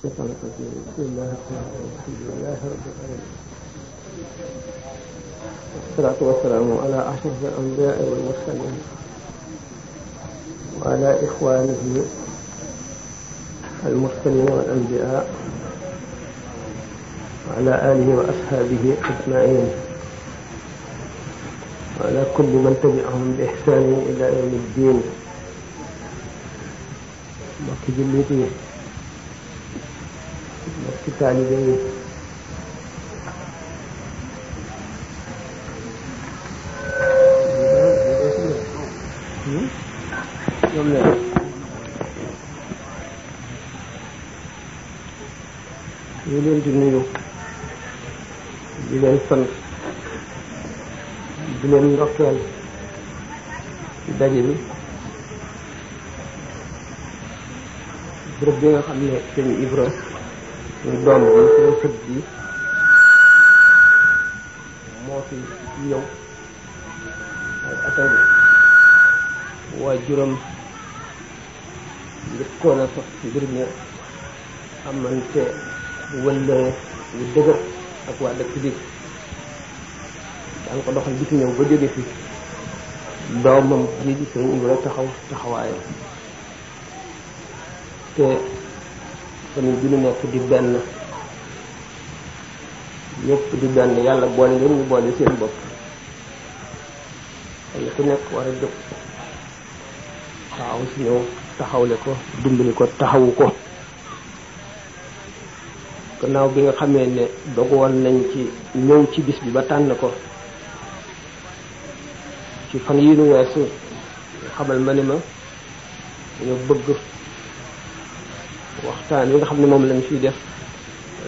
الشيطان الرجيم بسم الله الرحمن الرحيم الحمد لله رب العالمين والصلاة والسلام على أشرف الأنبياء والمرسلين وعلى إخوانه المرسلين والأنبياء وعلى آله وأصحابه أجمعين وعلى كل من تبعهم بإحسان إلى يوم الدين وكجلته ci taalibe yi ñu leen di nuyu di leen sant di leen ndokkeel daje bi bërëb bi nga xam ne seen Ibra muy doom bi suñu sët bi moo fi ñëw waa juróom njëkkoon a sax ci mbir mi amante wëllëre wu dëgër ak waa dëkk bi daan ko doxal bi ci ñëw ba jóge fi doomam ji di sëriñ Ibra taxaw taxawaayam te famille bi ñu nekk di benn ñépp di benn yàlla boole leen ñu boole seen bopp kenn ku nekk war a jóg taxaw si ñëw taxawle ko dimbali ko taxawu ko gannaaw bi nga xamee ne dogoon nañ ci ñëw ci gis bi ba tànn ko ci fan yi nu weesu xamal ma ni ma dañoo bëgg waxtaan yi nga xam ne moom lañ fiy def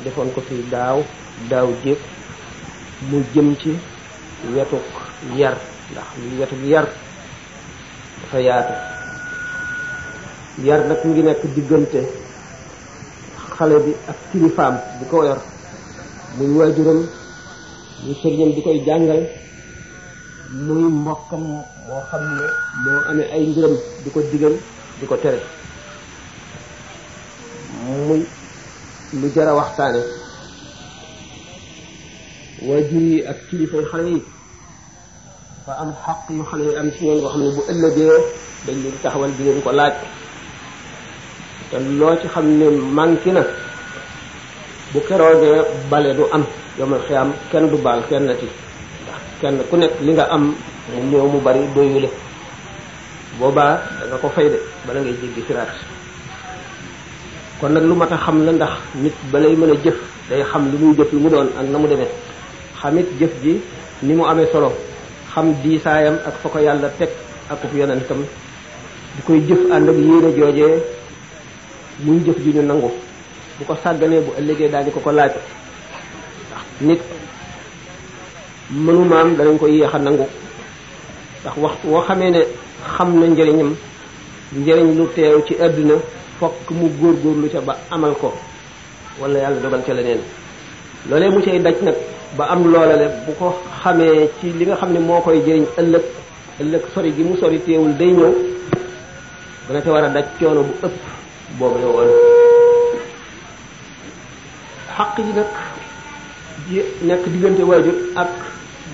defoon ko fi daaw daaw jéeg mu jëm ci wetuk yar ndax li wetuk yar dafa yaatu yar nag mu ngi nekk diggante xale bi ak kilifaam bi ko yor muy waajuram muy sëriñam di koy jàngal muy mbokkam moo xam ne moo amee ay ngërëm di ko digal di ko tere mu lu jar a waxtaane waajur yi ak kilifay xale yi fa am xaq yu xale yi am ci ñoom yoo xam ne bu ëllëgee dañ leen taxawal di leen ko laaj te loo ci xam ne manqué na bu keroogee bale du am yomal xiyaam kenn du baal kenn ti ndax kenn ku nekk li nga am mu ñëw mu bari doyule boobaa da ko fay de bala ngay jéggi siraat kon nag lu mat a xam la ndax nit balay mën a jëf day xam lu muy jëf lu mu doon ak na mu demee xamit jëf ji ni mu amee solo xam diisaayam ak fa ko yàlla teg akub yonentam bu koy jëf ànd ak yéene joojee muy jëf ju ñu nangu bu ko sàgganee bu ëllëgee daañu ko ko laaj ndax nit mënu maam danañ ko yéex a nangu ndax wax woo xamee ne xam na njëriñam njëriñ lu teew ci àdduna fokk mu góorgóorlu ca ba amal ko wala yàlla dogal ca leneen loolee mu cay daj nag ba am loolale bu ko xamee ci li nga xam ne moo koy jëriñ ëllëg ëllëg sori gi mu sori teewul day ñëw dana ca war a daj coono bu ëpp boobu la woon xaq yi nag ji nekk diggante waajur ak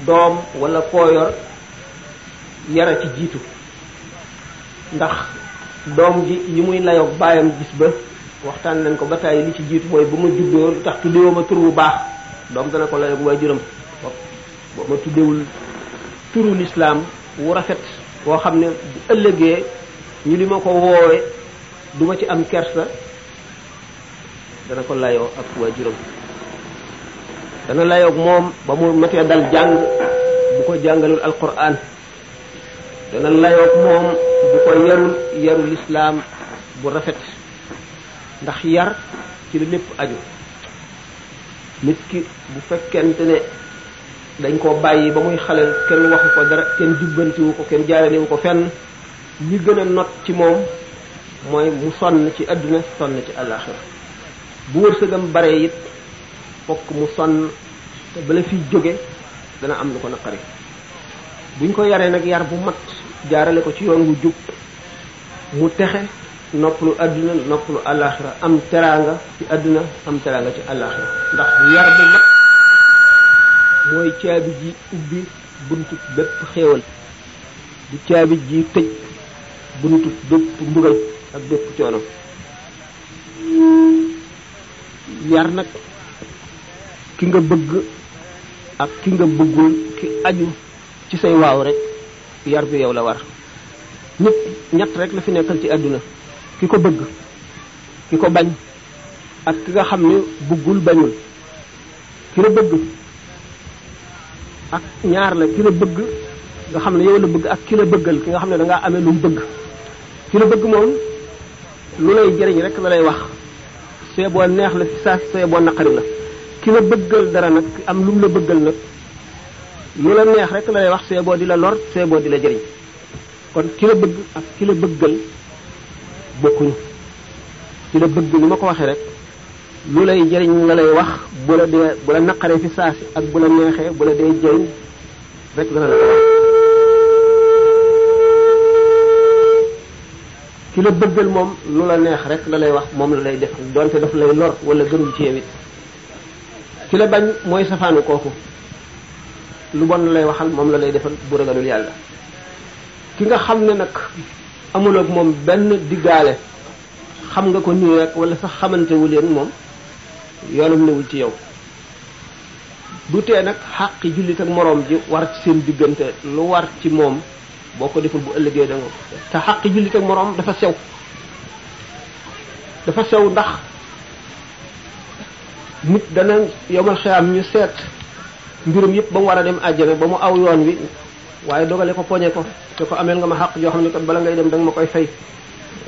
doom walla koo yor yara ci jiitu ndax doom ji yi muy layoog baayam gis ba waxtaan nañ ko ba tàyyi li ci jiitu mooy bu ma juddoo lu tax tuddewoo ma tur bu baax doom dana ko layoog waajuram boo ma tuddewul turu lislaam wu rafet woo xam ne bu ëllëgee ñu li ma ko woowe du ma ci am kersa dana ko layoo ak waajuram dana layoog moom ba mu matee dal jàng bu ko jàngalul alquran dana layoog moom bu ko yarul yaru lislaam bu rafet ndax yar ci la lépp aju nit ki bu fekkent ne dañ koo bàyyi ba muy xale kenn waxu ko dara kenn jubbantiwu ko kenn jaaraniwu ko fenn mu gën a not ci moom mooy mu sonn ci àdduna sonn ci àllaaxira bu wërsëgam bare it fokk mu sonn te bala fiy jóge dana am lu ko naqari buñ ko yaree nag yar bu mat jaarale ko ci yoon wu jub mu texe noppalu àdduna noppalu àllaaxira am teraanga ci àdduna am teraanga ci àllaaxira ndax yar bu mag mooy caabi ji ubbi buntu bépp xéewal di caabi ji tëj buntu bépp mbugal ak bépp coono yar nag ki nga bëgg ak ki nga bëggul ki aju ci say waaw rek yar bi yow la war nit ñett rek la fi nekkal ci àdduna ki ko bëgg ki ko bañ ak ki nga xam ne bëggul bañul ki la bëgg ak ñaar la ki la bëgg nga xam ne yow la bëgg ak ki la bëggal ki nga xam ne da ngaa amee lu mu bëgg ki la bëgg moom lu lay jëriñ rek la lay wax see neex la fi saa see naqari la ki la bëggal dara nag am lu mu la bëggal nag lu la neex rek la lay wax seeboo di la lor see di la jëriñ kon ki la bëgg ak ki la bëggal bokkuñu ki la bëgg ni ma ko waxee rek lu lay jëriñ la lay wax bu la dee bu la naqaree fi saasi ak bu la neexee bu la dee jëriñ rek dana la ko wax ki la bëggal moom lu la neex rek la lay wax moom la lay def donte daf lay lor wala gënul ci yow it ki la bañ mooy safaanu kooku lu bon lay waxal moom la lay defal bu ragalul yàlla ki nga xam ne nag amul moom benn diggaale xam nga ko nii rek wala sax xamantewu leen moom yoonam newul ci yow du tee nag xàqi jullit ak moroom ji war ci seen diggante lu war ci moom boo ko deful bu ëllëgee da te xàqi jullit moroom dafa sew dafa sew ndax nit dana yomal xeyaam ñu seet mbirum yëpp ba mu war a dem àjjana ba mu aw yoon wi waaye dogale ko poñe ko te ko ameel nga ma xàq joo xam ne kat bala ngay dem danga ma koy fay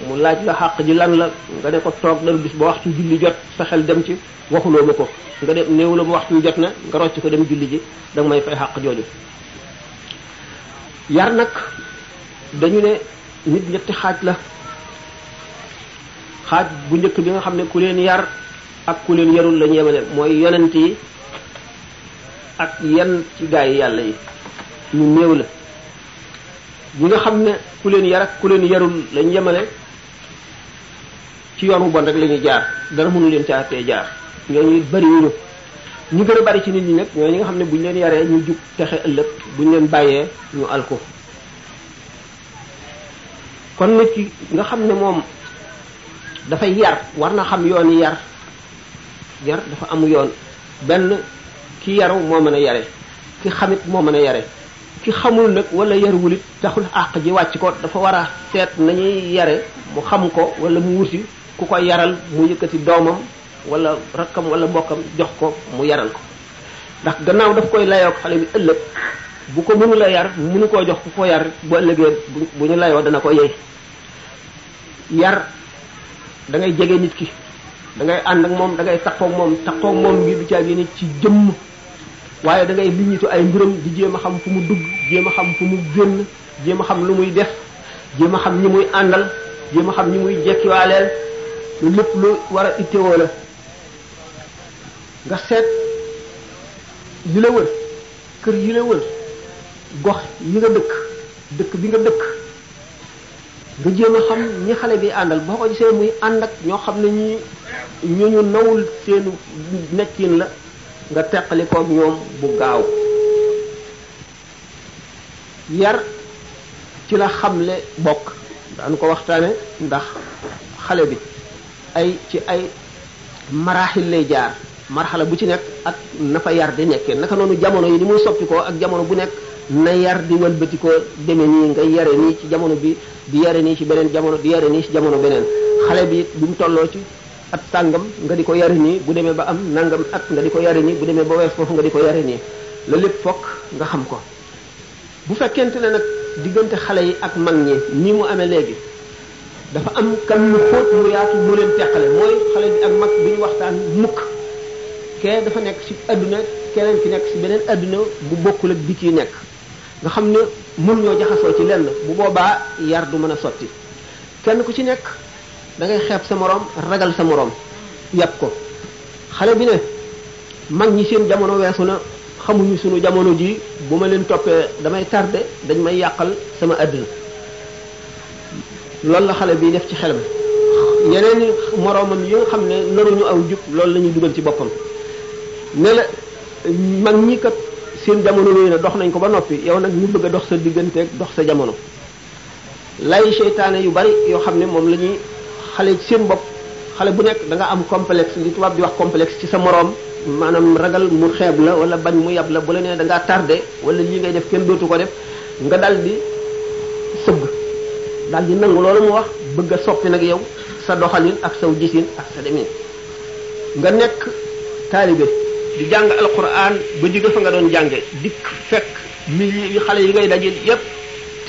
mu laaj la xàq ji lan la nga ne ko toog dal bis ba waxtu julli jot sa xel dem ci waxuloo ma ko nga dem néew la mu waxtu jot na nga rocc ko dem julli ji danga may fay xàq jooju yar nag dañu ne nit ñetti xaaj la xaaj bu njëkk bi nga xam ne ku leen yar ak ku leen yarul la ñu mooy yonent yi ak yenn ci gaa yi yàlla yi ñu néew la ñi nga xam ne ku leen yar ak ku leen yarul lañ yemale ci yoon wu bon rek lañuy jaar dara mënu leen caatee jaar ñooñu bari wuñu ñu gën a bari ci nit ñi nag ñooñu nga xam ne bu ñu leen yaree ñu jub texe ëllëg buñ leen bàyyee ñu al kon nit ki nga xam ne moom dafay yar war na xam yoon yar yar dafa am yoon benn ki yaru moo mën a yare ki xamit moo mën a yare ki xamul nag wala yaruwul it taxul àq ji wàcc ko dafa war a seet nañuy yare mu xam ko wala mu wuti ku ko yaral mu yëkkati doomam wala rakkam wala mbokkam jox ko mu yaral ko ndax gannaaw daf koy layoog xale bi ëllëg bu ko mënu la yar mënu koo jox ku ko yar bu ëllëgee bu ñu layoo dana ko yey yar dangay ngay nit ki dangay ànd ak moom da ngay takkoog moom takkoog moom ngir du caa ni ci jëmm waaye dangay ngay liñitu ay mbiram di jéem a xam fu mu dugg jéem a xam fu mu génn jéem a xam lu muy def jéem a xam ñi muy àndal jéem a xam ñi muy jekkiwaaleel lu lépp lu war a ittewoo la nga seet li la wër kër yi la wër gox yi nga dëkk dëkk bi nga dëkk nga jéem a xam ñi xale bi àndal boo ko gisee muy ànd ak ñoo xam ne ñi ñooñu nawul seenu nekkin la nga teqali koog ñoom bu gaaw yar ci la xamle bokk daan ko waxtaane ndax xale bi ay ci ay maraaxil lay jaar marxala bu ci nekk ak na fa yar di nekkee naka noonu jamono yi ni muy soppikoo ak jamono bu nekk na yar di wëlbati ko demee nii nga yare nii ci jamono bi di yare nii ci beneen jamono di yare nii ci jamono beneen xale bi bu mu tolloo ci at sàngam nga di ko yari nii bu demee ba am nangam at nga di ko yari nii bu demee ba wees foofu nga di ko yari nii la lépp fokk nga xam ko bu fekkente ne nag diggante xale yi ak mag ñi ni mu amee léegi dafa am kan mu xóot mu yaatu mu leen teqale mooy xale bi ak mag bi ñu waxtaan mukk kee dafa nekk ci adduna keneen ki nekk ci beneen adduna bu bokkul ak bi ciy nekk nga xam ne mën jaxasoo ci lenn bu boobaa yar du mën a sotti kenn ku ci nekk da ngay xeeb sa moroom ragal sa moroom yàpp ko xale bi ne mag ñi seen jamono weesu na xamuñu sunu jamono ji bu ma leen toppee damay tardé dañ may yàqal sama àddina loolu la xale bi def ci xel xelam yeneen moroomam yi nga xam ne naruñu aw jub loolu lañuy ñuy dugal ci boppam ne la mag ñii kat seen jamono yooyu na dox nañ ko ba noppi yow nag ñu bëgg dox sa digganteeg dox sa jamono lay seytaane yu bari yoo xam ne moom lañuy xale ci seen bopp xale bu nekk da nga am complexe li tubaab bi wax complexe ci sa moroom maanaam ragal mu xeeb la wala bañ mu yab la bu la nee da ngaa tardé wala lii ngay def kenn dootu ko def nga dal di sëgg dal di nangu loolu mu wax bëgg a soppi nag yow sa doxalin ak saw gisin ak sa demin nga nekk taalibe di jàng alquran ba jóge fa nga doon jànge dikk fekk mi xale yi ngay dajil yépp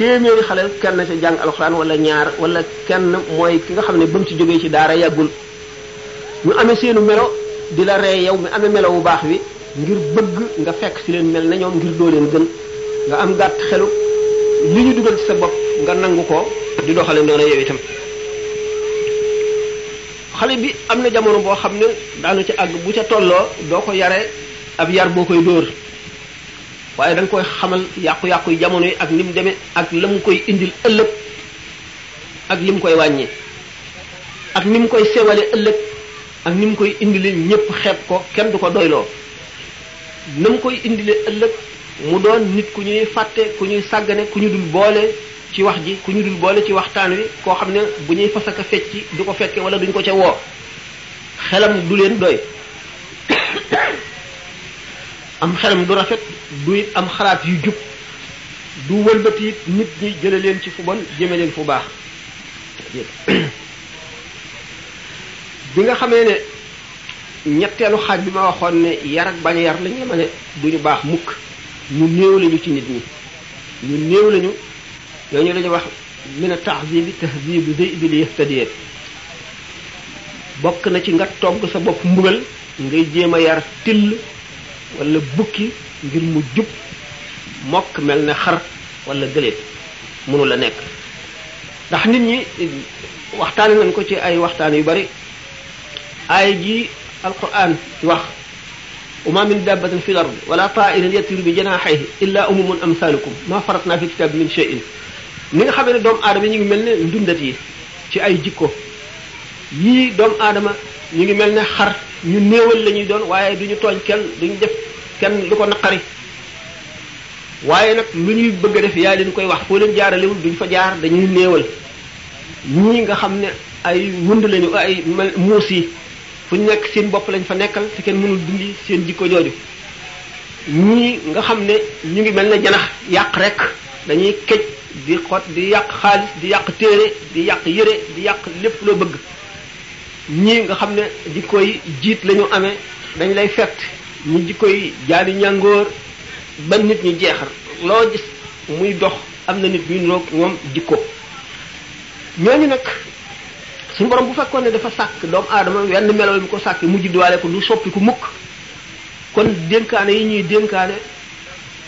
téeméeri xale kenn ca jàng alxuraan wala ñaar wala kenn mooy ki nga xam ne ba mu ci jógee ci daara yàggul ñu amee seenu melo di la ree yow mi amee melo bu baax bi ngir bëgg nga fekk si leen mel na ñoom ngir doo leen gën nga am gàtt xelu li ñu dugal ci sa bopp nga nangu ko di doxale noonu yow itam xale bi am na jamono boo xam ne daanu ci àgg bu ca tolloo doo ko yare ab yar boo koy dóor waaye da koy xamal yàqu-yàqu yi jamono yi ak ni mu demee ak la koy indil ëllëg ak li koy wàññi ak ni mu koy sewale ëllëg ak ni mu koy indile ñëpp xeeb ko kenn du ko doyloo na koy indile ëllëg mu doon nit ku ñuy fàtte ku ñuy sàggane ku ñu dul boole ci wax ji ku ñu dul boole ci waxtaan wi koo xam ne bu ñuy fasaka fecci du ko fekke wala duñ ko ca woo xelam du leen doy am xelam du rafet du am xalaat yu jub du wëlbati it nit ñi jële leen ci fu bon jëme leen fu baax bi nga xamee ne ñetteelu xaaj bi ma waxoon ne yar ak bañ a yar lañ ma ne duñu baax mukk ñu néew lañu ci nit ñi ñu néew lañu ñooñu lañu wax min a tahzibi tahzibu zey bi li yahtadiyat bokk na ci nga togg sa bopp mbugal ngay jéem a yar till wala bukki ngir mu jub mokk mel ne xar wala gëléet mënu la nekk ndax nit ñi waxtaane nañ ko ci ay waxtaan yu bari aay ji alquran wax wa ma min dabbatin fi l ard wala tairin yatiru bi janaahayhi illa umumun amsalukum ma faratna fi kitab min shay'in ni nga xamee ne doomu aadama yi ñu ngi mel ne ndundat yi ci ay jikko yii doomu aadama ñu ngi mel ne xar ñu néewal lañuy doon waaye duñu tooñ kenn duñu def kenn lu ko naqari waaye nag lu ñuy bëgg a def yaa leen koy wax foo leen jaaralewul duñu fa jaar dañuy néewal ñii nga xam ne ay wund lañu ay muus yi fu ñu nekk seen bopp lañ fa nekkal te kenn mënul dindi seen jikko jooju ñii nga xam ne ñu ngi mel na janax yàq rek dañuy këj di xot di yàq xaalis di yàq téere di yàq yére di yàq lépp loo bëgg ñii nga xam ne jikko yi jiit lañu ñu dañ lay fett ñu jikko yi jaani ñàngoor ba nit ñu jeexal loo gis muy dox am na nit ñu niroog ñoom jikko ñooñu nag suñu borom bu fekkoon ne dafa sàkk doomu aadama wenn melo bi ko sàkk mu judduwaale ko du soppi ku mukk kon dénkaane yi ñuy dénkaane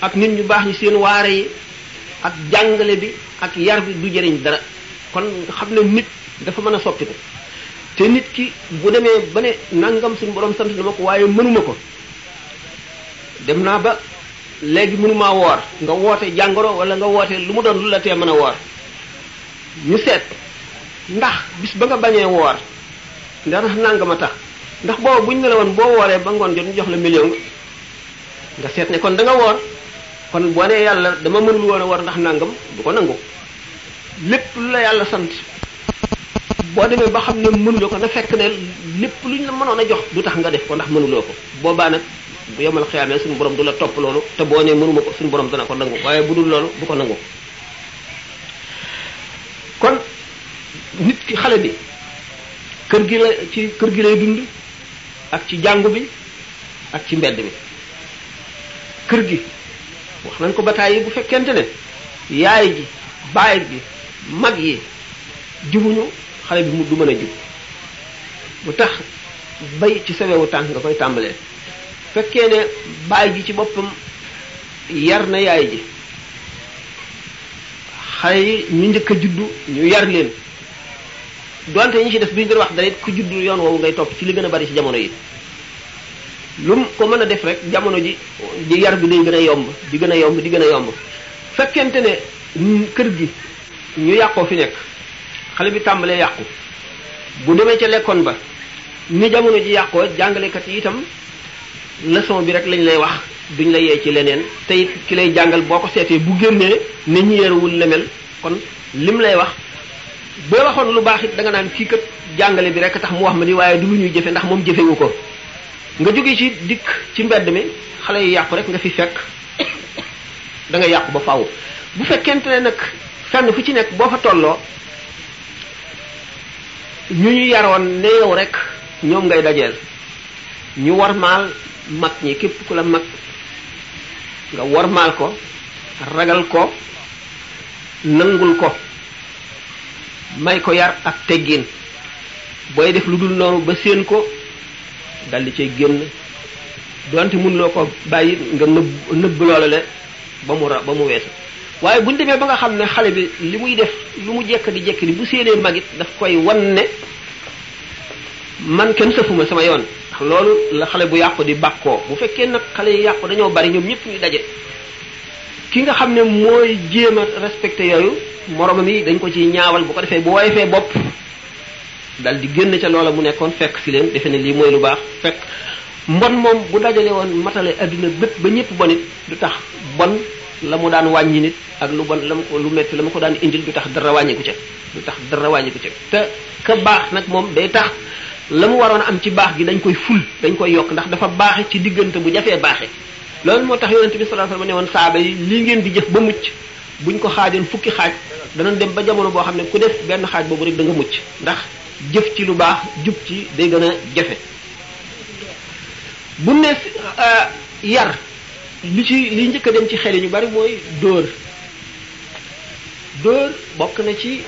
ak nit ñu baax ñi seen waare yi ak jàngale bi ak yar bi du jëriñ dara kon nga xam ne nit dafa mën a soppi ko te nit ki bu demee ba ne nangam suñu borom sant na ma ko waaye mënuma ko dem naa ba léegi mënumaa woor nga woote jàngoro wala nga woote lu mu doon lu la tee mën a woor ñu seet ndax bis ba nga bañee woor ndax nangam a tax ndax booba bu ñu ne la woon boo wooree ba ngoon jot ñu jox la million nga seet ne kon danga nga woor kon boo nee yàlla dama mënul woon a woor ndax nangam du ko nangu lépp lu la yàlla sant boo demee ba xam ne mënuloo ko na fekk ne lépp luñ la mënoon a jox du tax nga def ko ndax mënuloo ko boobaa nag bu yomal xiyaamee suñu borom du la topp loolu te boo nee mënuma ko suñu borom dana ko nangu waaye bu dul loolu du ko nangu kon nit ki xale bi kër gi la ci kër gi lay dund ak ci jàngu bi ak ci mbedd bi kër gi wax nañ ko bataay yi bu fekkente ne yaay gi baay ji mag yi jubuñu xale bi mu du mën a jub bu tax bay ci sawewu tànk nga koy tàmbalee fekkee ne baay ji ci boppam yar na yaay ji xale yi ñu njëkk a juddu ñu yar leen donte ñu ci def bi ñu doon wax dara ku juddu yoon woowu ngay topp ci li gën a bari ci jamono yi lum ko mën a def rek jamono ji di yar bi day gën a yomb di gën a yomb di gën a yomb fekkente ne kër gi ñu yàqoo fi nekk xale bi tàmbalee yàqu bu demee ca lekkoon ba ni jamono ji yàqoo jàngalekat yi itam leçon bi rek lañ lay wax duñ la yee ci leneen tey it ki lay jàngal boo ko seetee bu génnee ne ñu yeeruwul lemel kon li mu lay wax boo waxoon lu baax it danga nga naan kii kat jàngale bi a tax mu wax ma ni waaye du lu ñuy jëfe ndax moom jëfewu ko nga jóge ci dikk ci mbedd mi xale yu yàqu rek nga fi fekk danga yàqu ba faw bu fekkent ne nag fenn fu ci nekk boo fa tolloo ñu ñu yaroon ne yow rek ñoom ngay dajeel ñu warmaal mag ñi képp ku la mag nga warmaal ko ragal ko nangul ko may ko yar ak teggin booy def lu dul noonu ba séen ko daldi cay génn doonte mënuloo ko bàyyi nga nëbb nëbb loolale ba mu ra ba mu weesu waaye bu ñu demee ba nga xam ne xale bi li muy def lu mu jekk di jekk di bu séenee magit dafa koy wan ne man kenn sëfuma sama yoon ndax loolu la xale bu yàqu di bàkkoo bu fekkee nag xale yi yàqu dañoo bari ñoom ñëpp ñu daje ki nga xam ne mooy jéem a respecté yooyu moromam yi dañ ko ci ñaawal bu ko defee bu woyofee dal di génn ca loola mu nekkoon fekk si defe ne lii mooy lu baax fekk mbon moom bu dajale woon matale adduna bépp ba ñëpp bonit du tax bon la mu daan wàññi nit ak lu bon la mu ko lu métti la mu ko daan indil du tax dara wàññiku ca du tax dara wàññiku ca te ka baax nag moom day tax la mu waroon am ci baax gi dañ koy ful dañ koy yokk ndax dafa baax ci diggante bu jafee baaxee loolu moo tax yonente bi sallallahu alayhi wasallam ne woon saaba yi lii ngeen di jëf ba mucc buñ ko xaajoon fukki xaaj danañ dem ba jamono boo xam ne ku def benn xaaj boobu rek danga nga mucc ndax jëf ci lu baax jub ci day gën a jafe bu ne euh, yar li ci li njëkk a dem ci xel yi ñu bari mooy dóor dóor bokk na ci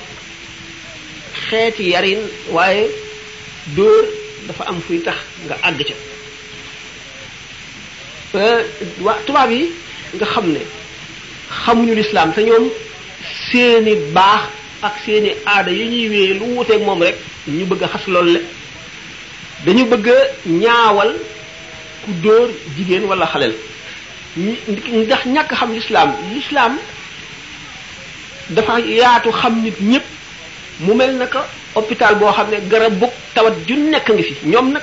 xeeti yarin waaye dóor dafa am fuy tax nga àgg ca waa tubaab yi nga xam ne xamuñu lislaam te ñoom seeni baax ak seeni aada yi ñuy wéye lu wuteeg moom rekk ñu bëgg a xas lool le dañu bëgg a ñaawal ku dóor jigéen walla xaleel ndax ñàkk xam lislaam lislaam dafa yaatu xam nit ñëpp mu mel na ko hôpital boo xam ne garab bu tawat ju nekk ngi fi ñoom nag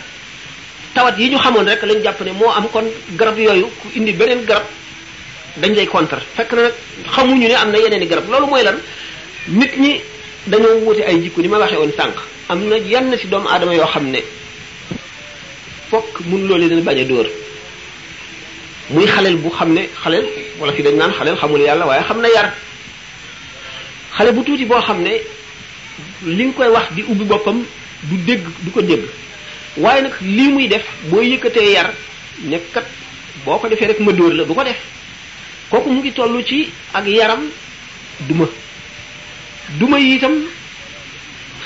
tawat yi ñu xamoon rek lañ jàpp moo am kon garab yooyu ku indi beneen garab dañ lay contre fekk na nag xamuñu ne am na yeneen i garab loolu mooy lan nit ñi dañoo wuute ay jikko ni ma waxe woon sànq am na yenn ci doomu aadama yoo xam ne fokk mun loolu leen bañ a dóor muy xaleel bu xam ne xaleel wala fi dañ naan xaleel xamul yàlla waaye xam na yar xale bu tuuti boo xam ne li nga koy wax di ubbi boppam du dégg du ko dégg waaye nag lii muy def boo yëkkatee yar nekkat boo ko defee rek ma dóor la du ko def kooku mu ngi toll ci ak yaram duma duma yi itam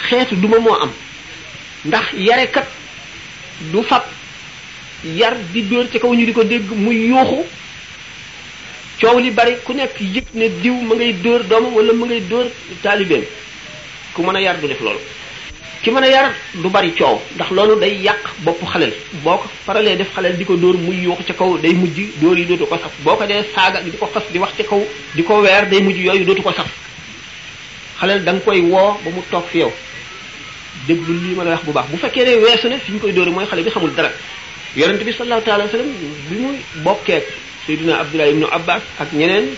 xeetu duma moo am ndax yarekat du fab yar di dóor ci kaw ñu di ko dégg muy yuuxu coow li bari ku nekk yëg ne diw ma ngay dóor doom wala ma ngay dóor taalibeem ku mën a yar du def loolu ki mën a yar du bari coow ndax loolu day yàq bopp xalel boo ko paralee def xalel di ko dóor muy yuuxu ci kaw day mujj dóor yi dootu ko saf boo ko dee saaga di ko xas di wax ci kaw di ko weer day mujj yooyu dootu ko saf xalel da nga koy woo ba mu toog fi yow déglu lii ma la wax bu baax bu fekkee ne weesu ne ñu koy dóore mooy xale bi xamul dara yonent bi sallallahu taala wa sallam bi mu bokkeek Seydina Abdullah ibnu Abbas ak ñeneen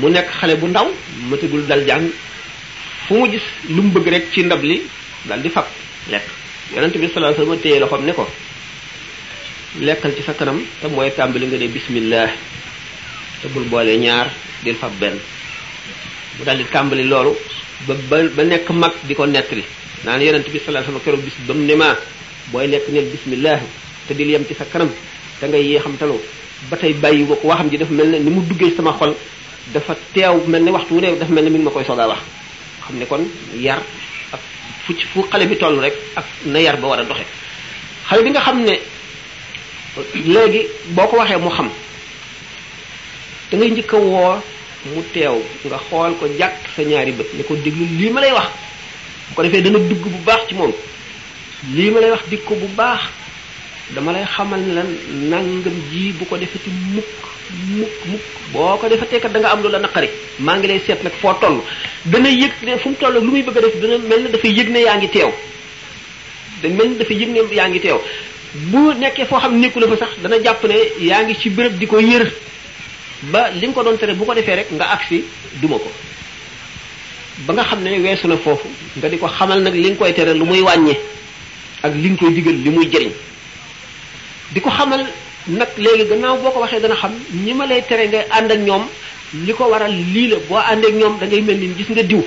mu nekk xale bu ndaw matagul dal jàng fu mu gis lu mu bëgg rek ci ndab li dal di fab lekk yonent bi sallallahu sallam téye loxoom ne ko lekkal ci sa kanam te mooy tàmbali nga ne bismillah te bul boole ñaar dil fab benn mu dal di tàmbali loolu ba ba ba nekk mag di ko nettali naan yonent bi sallallahu sallam keroog bis ba mu ne ma booy lekk neel bismillahi te dil yem ci sa kanam te ngay yee xam ba tey bàyyi ko waxam ji dafa mel ne ni mu duggee sama xol dafa teew mel ni waxtu wu ne dafa mel ni mi ma koy soogaa wax xam ne kon yar ak fu fu xale bi toll rek ak na yar ba war a doxe xale bi nga xam ne léegi boo ko waxee mu xam da ngay njëkk a woo mu teew nga xool ko jàkk sa ñaari bët ne ko déglu lii ma lay wax bu ko defee dana dugg bu baax ci moom lii ma lay wax dik ko bu baax dama lay xamal ne lan nangam jii bu ko defati mukk mukk mukk boo ko defatee kat danga am lu a naqari maa ngi lay seet nag foo toll dana yëg ne fu mu toll lu muy bëgg def dana mel ne dafay yëg ne yaa ngi teew da mel ne dafay yëg ne yaa ngi teew bu nekkee foo xam nekku la fa sax dana jàpp ne yaa ngi ci bërëb di ko yër ba li nga ko doon tere bu ko defee rek nga agsi duma ko ba nga xam ne weesu na foofu nga di ko xamal nag li nga koy tere lu muy wàññee ak li nga koy digal li muy jëriñ di ko xamal nag léegi gannaaw boo ko waxee dana xam ñi ma lay tere ngay ànd ak ñoom li ko waral lii la boo àndee ak ñoom dangay mel ni gis nga diw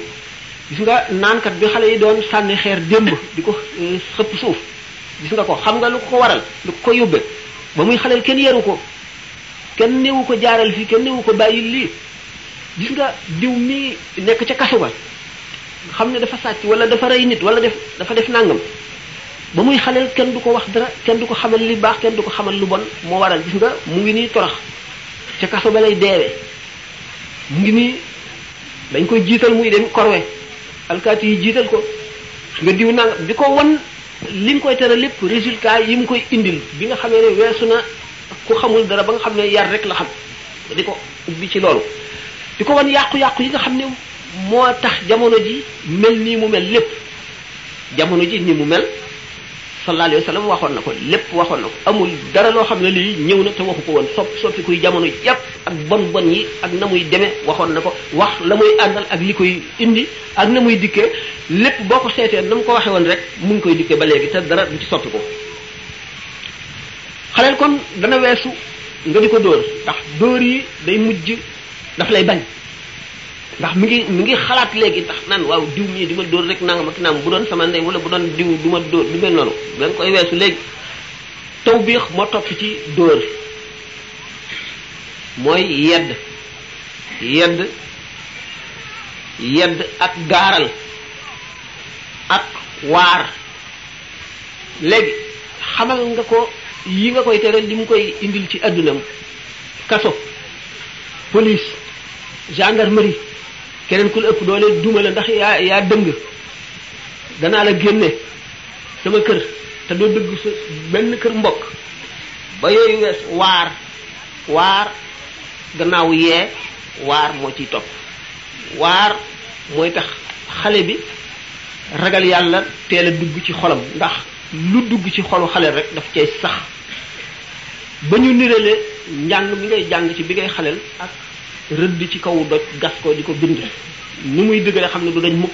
gis nga bi xale yi doon sànni xeer démb di ko euh, xëpp suuf gis nga ko xam nga lu ko waral lu ko yóbbe ba muy xaleel kenn yaru ko kenn néewu ko jaaral fii kenn néewu ko bàyyi lii gis nga diw mii nekk ca kaso ba xam ne dafa sàcc wala dafa rey nit wala def dafa def nàngam ba muy xaleel kenn du ko wax dara kenn du ko xamal li baax kenn du ko xamal lu bon moo waral gis nga mu ngi nii torox ca kaso ba lay deewee mu ngi nii dañ koy jiital muy dem korwe alkaati yi jiital ko nga diw nanga di ko wan li nga koy tere lépp résultat yi mu koy indil bi nga xamee ne weesu na ku xamul dara ba nga xam ne yar rek la xam di ko ubbi ci loolu di ko wan yàqu-yàqu yi nga xam ne moo tax jamono ji mel nii mu mel lépp jamono ji ni mu mel sallallahu alayhi wa waxoon na ko lépp waxoon na ko amul dara loo xam ne lii ñëw na te waxu ko woon sopp soppi kuy jamono yépp ak bon bon yi ak na muy demee waxoon na ko wax la muy àndal ak li koy indi ak na muy dikkee lépp boo ko seetee na mu ko waxee woon rek mu koy dikkee ba léegi te dara du ci soppi ko xaleel kon dana weesu nga di ko dóor ndax dóor yi day mujj daf lay bañ ndax mi ngi mi ngi xalaat léegi ntax naan waaw diw mii di ma dóor rek nangam ak nangam bu doon sama ndey wala bu doon diw du ma dóor du mel noonu da nga koy weesu léegi taw biix moo topp ci dóor mooy yedd yedd yedd ak gaaral ak waar léegi xamal nga ko yi nga koy tere li mu koy indil ci àddunam kaso police gendarmerie keneen ku la ëpp doole duma la ndax yaa yaa dëng danaa la génne sama kër te doo dëgg sa benn kër mbokk ba yooyu wees waar waar gannaaw yee waar moo ciy topp waar mooy tax xale bi ragal yàlla teel a dugg ci xolam ndax lu dugg ci xolu xale rek daf cay sax ba ñu nirale njàng mi ngay jàng ci bi ngay xaleel ak rëdd ci kaw doj gas ko di ko bind ni muy dëgëre xam ne du dañ mukk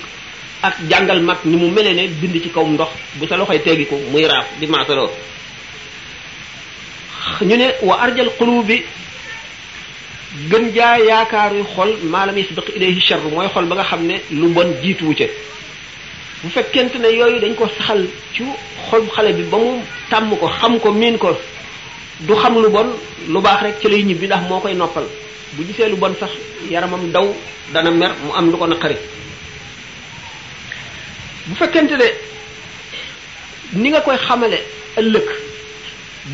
ak jàngal mag ni mu mele ne bind ci kaw ndox bu sa loxoy teggi ko muy raaf di maasaloo ñu ne wa arjal qulubi gën jaa yaakaaru xol maalam yasbiq ilayhi sharr mooy xol ba nga xam ne lu bon jiituwu ca bu fekkent ne yooyu dañ ko saxal ci xol xale bi ba mu tàmm ko xam ko miin ko du xam lu bon lu baax rek ci lay ñibbi ndax moo koy noppal bu gisee lu bon sax yaramam daw dana mer mu am lu ko naqari bu fekkente ne ni nga koy xamale ëllëg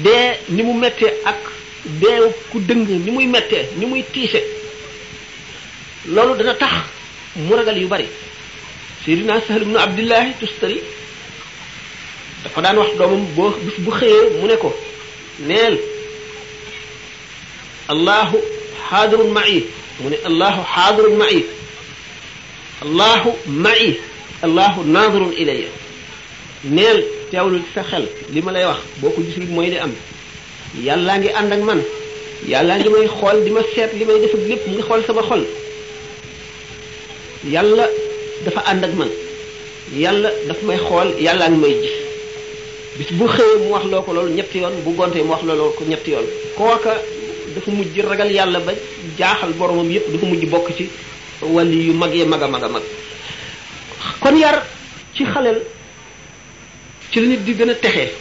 dee ni mu mettee ak dee ku dëng ni muy mettee ni muy tiise loolu dana tax mu ragal yu bari Seydina Sahl nu Abdullahi Tustari dafa daan wax doomam boo bu xëyee mu ne ko neel allahu xaadirun ma'i mu ne allahu xaadirun ma'i allahu ma'i allahu naadirun ilayya neel teewlul sa xel li ma lay wax boo ko gisul mooy li am yàllaa ngi ànd ak man yàlla ngi may xool di ma seet li may def ak lépp mu ngi xool sama xol yàlla dafa ànd ak man yàlla daf may xool yàllaa ngi may gis bis bu xëyee mu wax loo ko loolu ñetti yoon bu gontee mu wax loo ko yoon kooka dafa mujj ragal yàlla ba jaaxal boromam yépp dafa mujj bokk ci wàlli yu mag ya mag a mag a mag kon yar ci xaleel ci la nit di gën a texe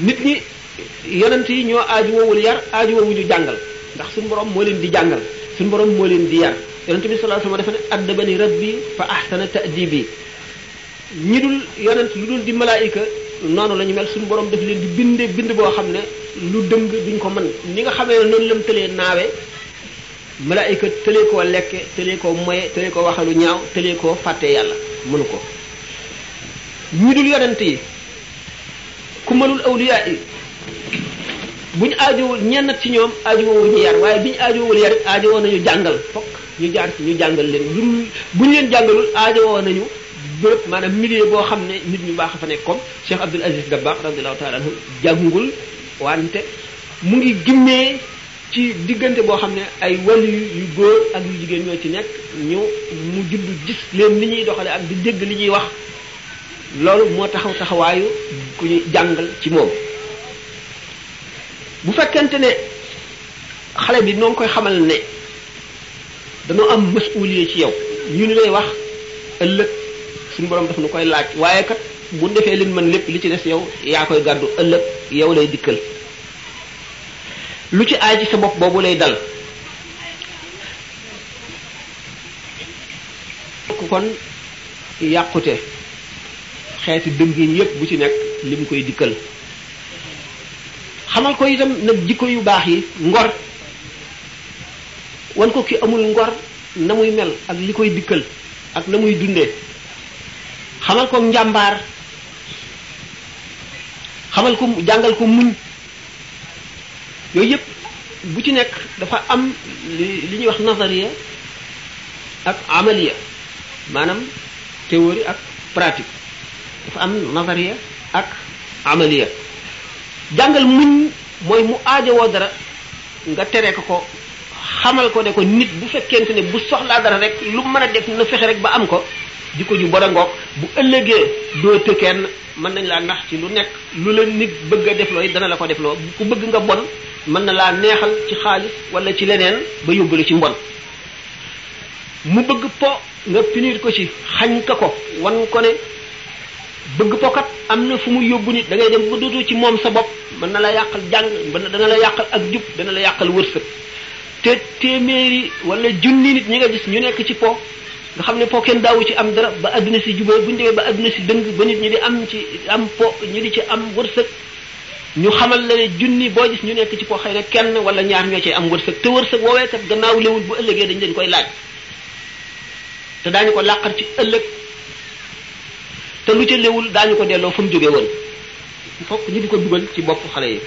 nit ñi yonent yi ñoo aaju woowul yar aaju woowuñu jàngal ndax suñu borom moo leen di jàngal suñu borom moo leen di yar yonent bi sallallahu alayhi wasallam dafa ne addabani rabbi fa ahsana ta'dibi ñi dul yonent lu dul di malaayika noonu lañu ñu mel suñu borom daf leen di binde bind boo xam ne lu dëng duñ ko mën ni nga xamee ne noonu lam tëlee naawe malaayika tëlee koo lekke tëlee koo moye tëlee koo waxalu ñaaw tëlee koo fàtte yàlla mënu ko ñu dul yonent yi ku mënul awliya yi buñ aajowul ñenn ci ñoom aajowul ñu yar waaye biñ aajowul yar aajowoo nañu jàngal fokk ñu jaar ci ñu jàngal leen lu buñ leen jàngalul aajowoo nañu bërëb maanaam millier boo xam ne nit ñu baax fa nekk comme Cheikh Abdul Aziz Dabakh radiyallahu ta'ala anhu jàngul wante mu ngi gimmee ci diggante boo xam ne ay wàllu yu góor ak yu jigéen ñoo ci nekk ñu mu juddu gis leen li ñuy doxale ak di dégg li ñuy wax loolu moo taxaw taxawaayu ku ñu jàngal ci moom bu fekkente ne xale bi noo koy xamal ne dañoo am masuliye ci yow ñu ni lay wax ëllëg suñu borom daf nu koy laaj waaye kat bu defee lin mën lépp li ci des yow yaa koy gàddu ëllëg yow lay dikkal lu ci aay ci sa bopp boobu lay dal kon yàqute xeeti dëngin yépp bu ci nekk li mu koy dikkal xamal ko itam nag jikko yu baax yi ngor wan ko ki amul ngor na muy mel ak li koy dikkal ak na muy dundee xamal ko njàmbaar xamal ko jàngal ko muñ yooyu yëpp bu ci nekk dafa am li li ñuy wax nazariya ak amaliya maanaam théorie ak pratique dafa am nazariya ak amaliya jàngal muñ mooy mu aajawoo dara nga tere ko ko xamal ko ne ko nit bu fekkente ne bu soxlaa dara rek lu mën a def na fexe rek ba am ko jikko ju bon a ngoog bu ëllëgee doo kenn mën nañ laa nax ci lu nekk lu leen nit bëgg def defloo dana la ko defloo ku bëgg nga bon mën na laa neexal ci xaalis wala ci leneen ba yóbbu la ci mbon mu bëgg po nga punir ko ci xañ ka ko wan ko ne bëgg pokat am na fu muy yóbbu nit da ngay dem ba dootoo ci moom sa bopp mën na la yàqal jàng dana la yàqal ak jub dana la yàqal wërsëg te téeméeri wala junni nit ñi nga gis ñu nekk ci po nga xam ne po kenn daawu ci am dara ba adduna si jubóo bu ñu demee ba adduna si dëng ba nit ñi di am ci am po ñu di ci am wërsëg ñu xamal la ne junni boo gis ñu nekk ci po xëy na kenn wala ñaar ñoo cee am wërsëg te wërsëg woowee kat gannaaw léwul bu ëllëgee dañ leen koy laaj te daañu ko làqar ci ëllëg te lu ca léwul daañu ko delloo fa mu jógee woon fokk ñu di ko dugal ci bopp xale yi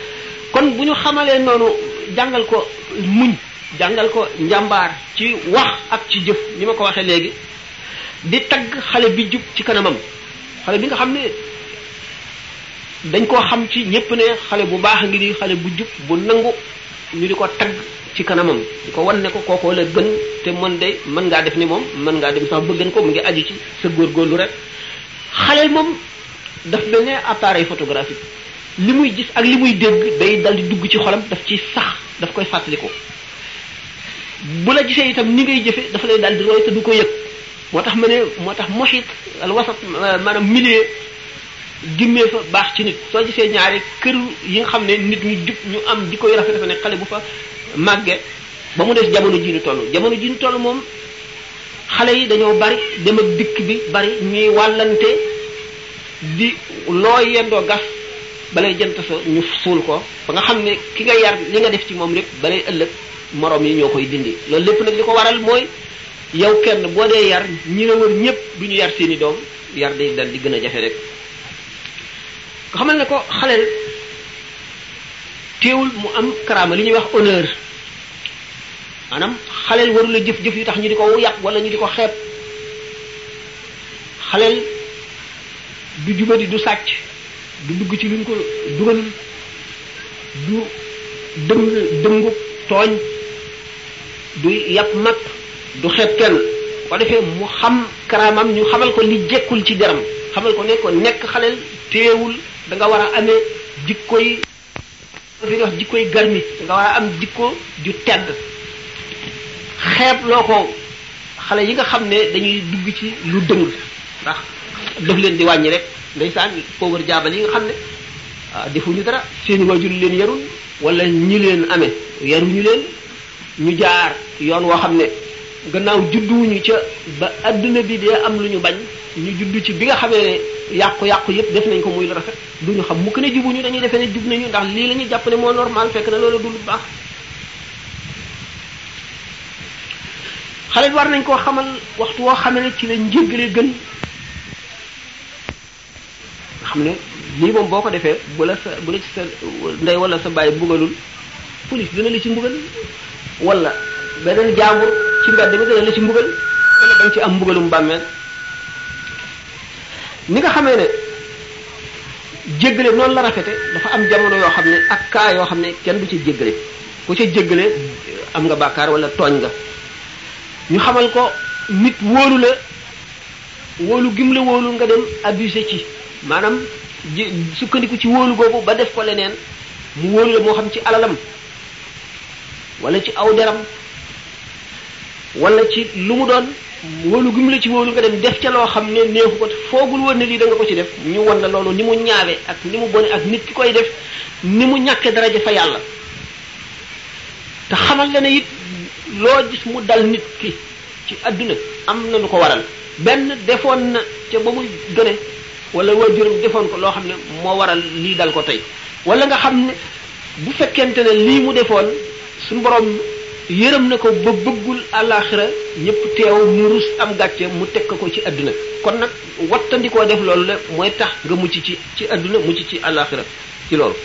kon bu ñu xamalee noonu jàngal ko muñ jàngal ko njàmbaar ci wax ak ci jëf ni ma ko waxee léegi di tagg xale bi jub ci kanamam xale bi nga xam ne dañ koo xam ci ñépp ne xale bu baax a ngi nii xale bu jub bu nangu ñu di ko tagg ci kanamam di ko wan ne ko kookoo la gën te mën de mën ngaa def ni moom mën ngaa dem sax bëggan ko mu ngi aju ci sa góorgóorlu rek xaleel moom daf mel ne appareil photographique li muy gis ak li muy dégg day dal di dugg ci xolam daf ci sax daf koy fàttaliku bu la gisee itam ni ngay jëfe dafa lay dal di roy te du ko yëg moo tax ma ne moo tax moxit al wasat maanaam milieu gimmee fa baax ci nit soo gisee ñaari kër yi nga xam ne nit ñu jub ñu am di koy rafet dafa ne xale bu fa màgge ba mu des jamono ji ñu toll jamono ji ñu toll moom xale yi dañoo bari dem ak dikk bi bari ñuy wàllante di loo yendoo gas balay jënt sa ñu suul ko ba nga xam ne ki nga yar li nga def ci moom lépp balay ëllëg moroom yi ñoo koy dindi loolu lépp nag ñu ko waral mooy yow kenn boo dee yar ñi la wër ñépp du ñu yar seeni doom yar day dal di gën a jafe rek nga xamal ne ko xaleel teewul mu am karaama li ñuy wax honneur anam xaleel warul a jëf-jëf yu tax ñu di ko yàq wala ñu di ko xeeb xaleel du jubadi du sàcc du dugg ci luñ ko dugalul du dëng dëngu tooñ du yàpp mag du xeeb kenn bu defee mu xam karaamam ñu xamal ko li jekkul ci deram xamal ko ne ko nekk xaleel téewul danga war a ame jikko yi fi wax jikko yi garmi da nga war a am jikko ju tedd xeeb loo ko xale yi nga xam ne dañuy dugg ci lu dëng ndax daf leen di wàññi rek ndeysaan pauvre jaabal yi nga xam ne ah, ñu dara seeni waajur leen yarul wala ñi leen amee yaruñu leen ñu jaar yoon woo xam ne gannaaw judduwuñu ca ba adduna bi dee am lu ñu bañ ñu juddu ci bi nga xamee ne yàqu-yàqu yépp def nañ ko muy lu rafet duñu xam mukk ne ñu dañuy defee ne jub nañu ndax lii la ñu jàpp ne moo normal fekk na loolu du baax xale bi war nañ koo xamal waxtu woo xamee ne ci la njéggalee gën xam ne lii moom boo ko defee bu la sa bu la ci sa ndey wala sa bàyyi bugalul police dina la ci mbugal wala beneen jaambur ci mbedd mi dana la ci mbugal wala da nga ci am mbugalum bàmmeel ni nga xamee ne jéggale noonu la rafete dafa am jamono yoo xam ne ak kaa yoo xam ne kenn du ci jéggale ku ci jéggale am nga bàkkaar wala tooñ nga ñu xamal ko nit wóolu la wóolu gim la wóolu nga dem abusé ci maanaam sukkandiku ci wóolu googu ba def ko leneen mu wóolu la moo xam ci alalam wala ci aw deram wala ci lu mu doon wóolu gi mu la ci wóolu nga dem def ca loo xam ne neexu ko foogul woon ne lii da ko ci def ñu wan la loolu ni mu ñaawe ak ni mu bone ak nit ki koy def ni mu ñàkke daraja fa yàlla te xamal la ne it loo gis mu dal nit ki ci àdduna am na lu ko waral benn defoon na ca ba muy gone wala waajuram defoon ko loo xam ne moo waral lii dal ko tey wala nga xam ne bu fekkente ne lii mu defoon suñ borom yërëm na ko ba bëggul àllaaxira ñëpp teew mu rus am gàcce mu teg ko ci àdduna kon nag wattandikoo def loolu la mooy tax nga mucc ci ci àdduna mucc ci àllaaxira ci loolu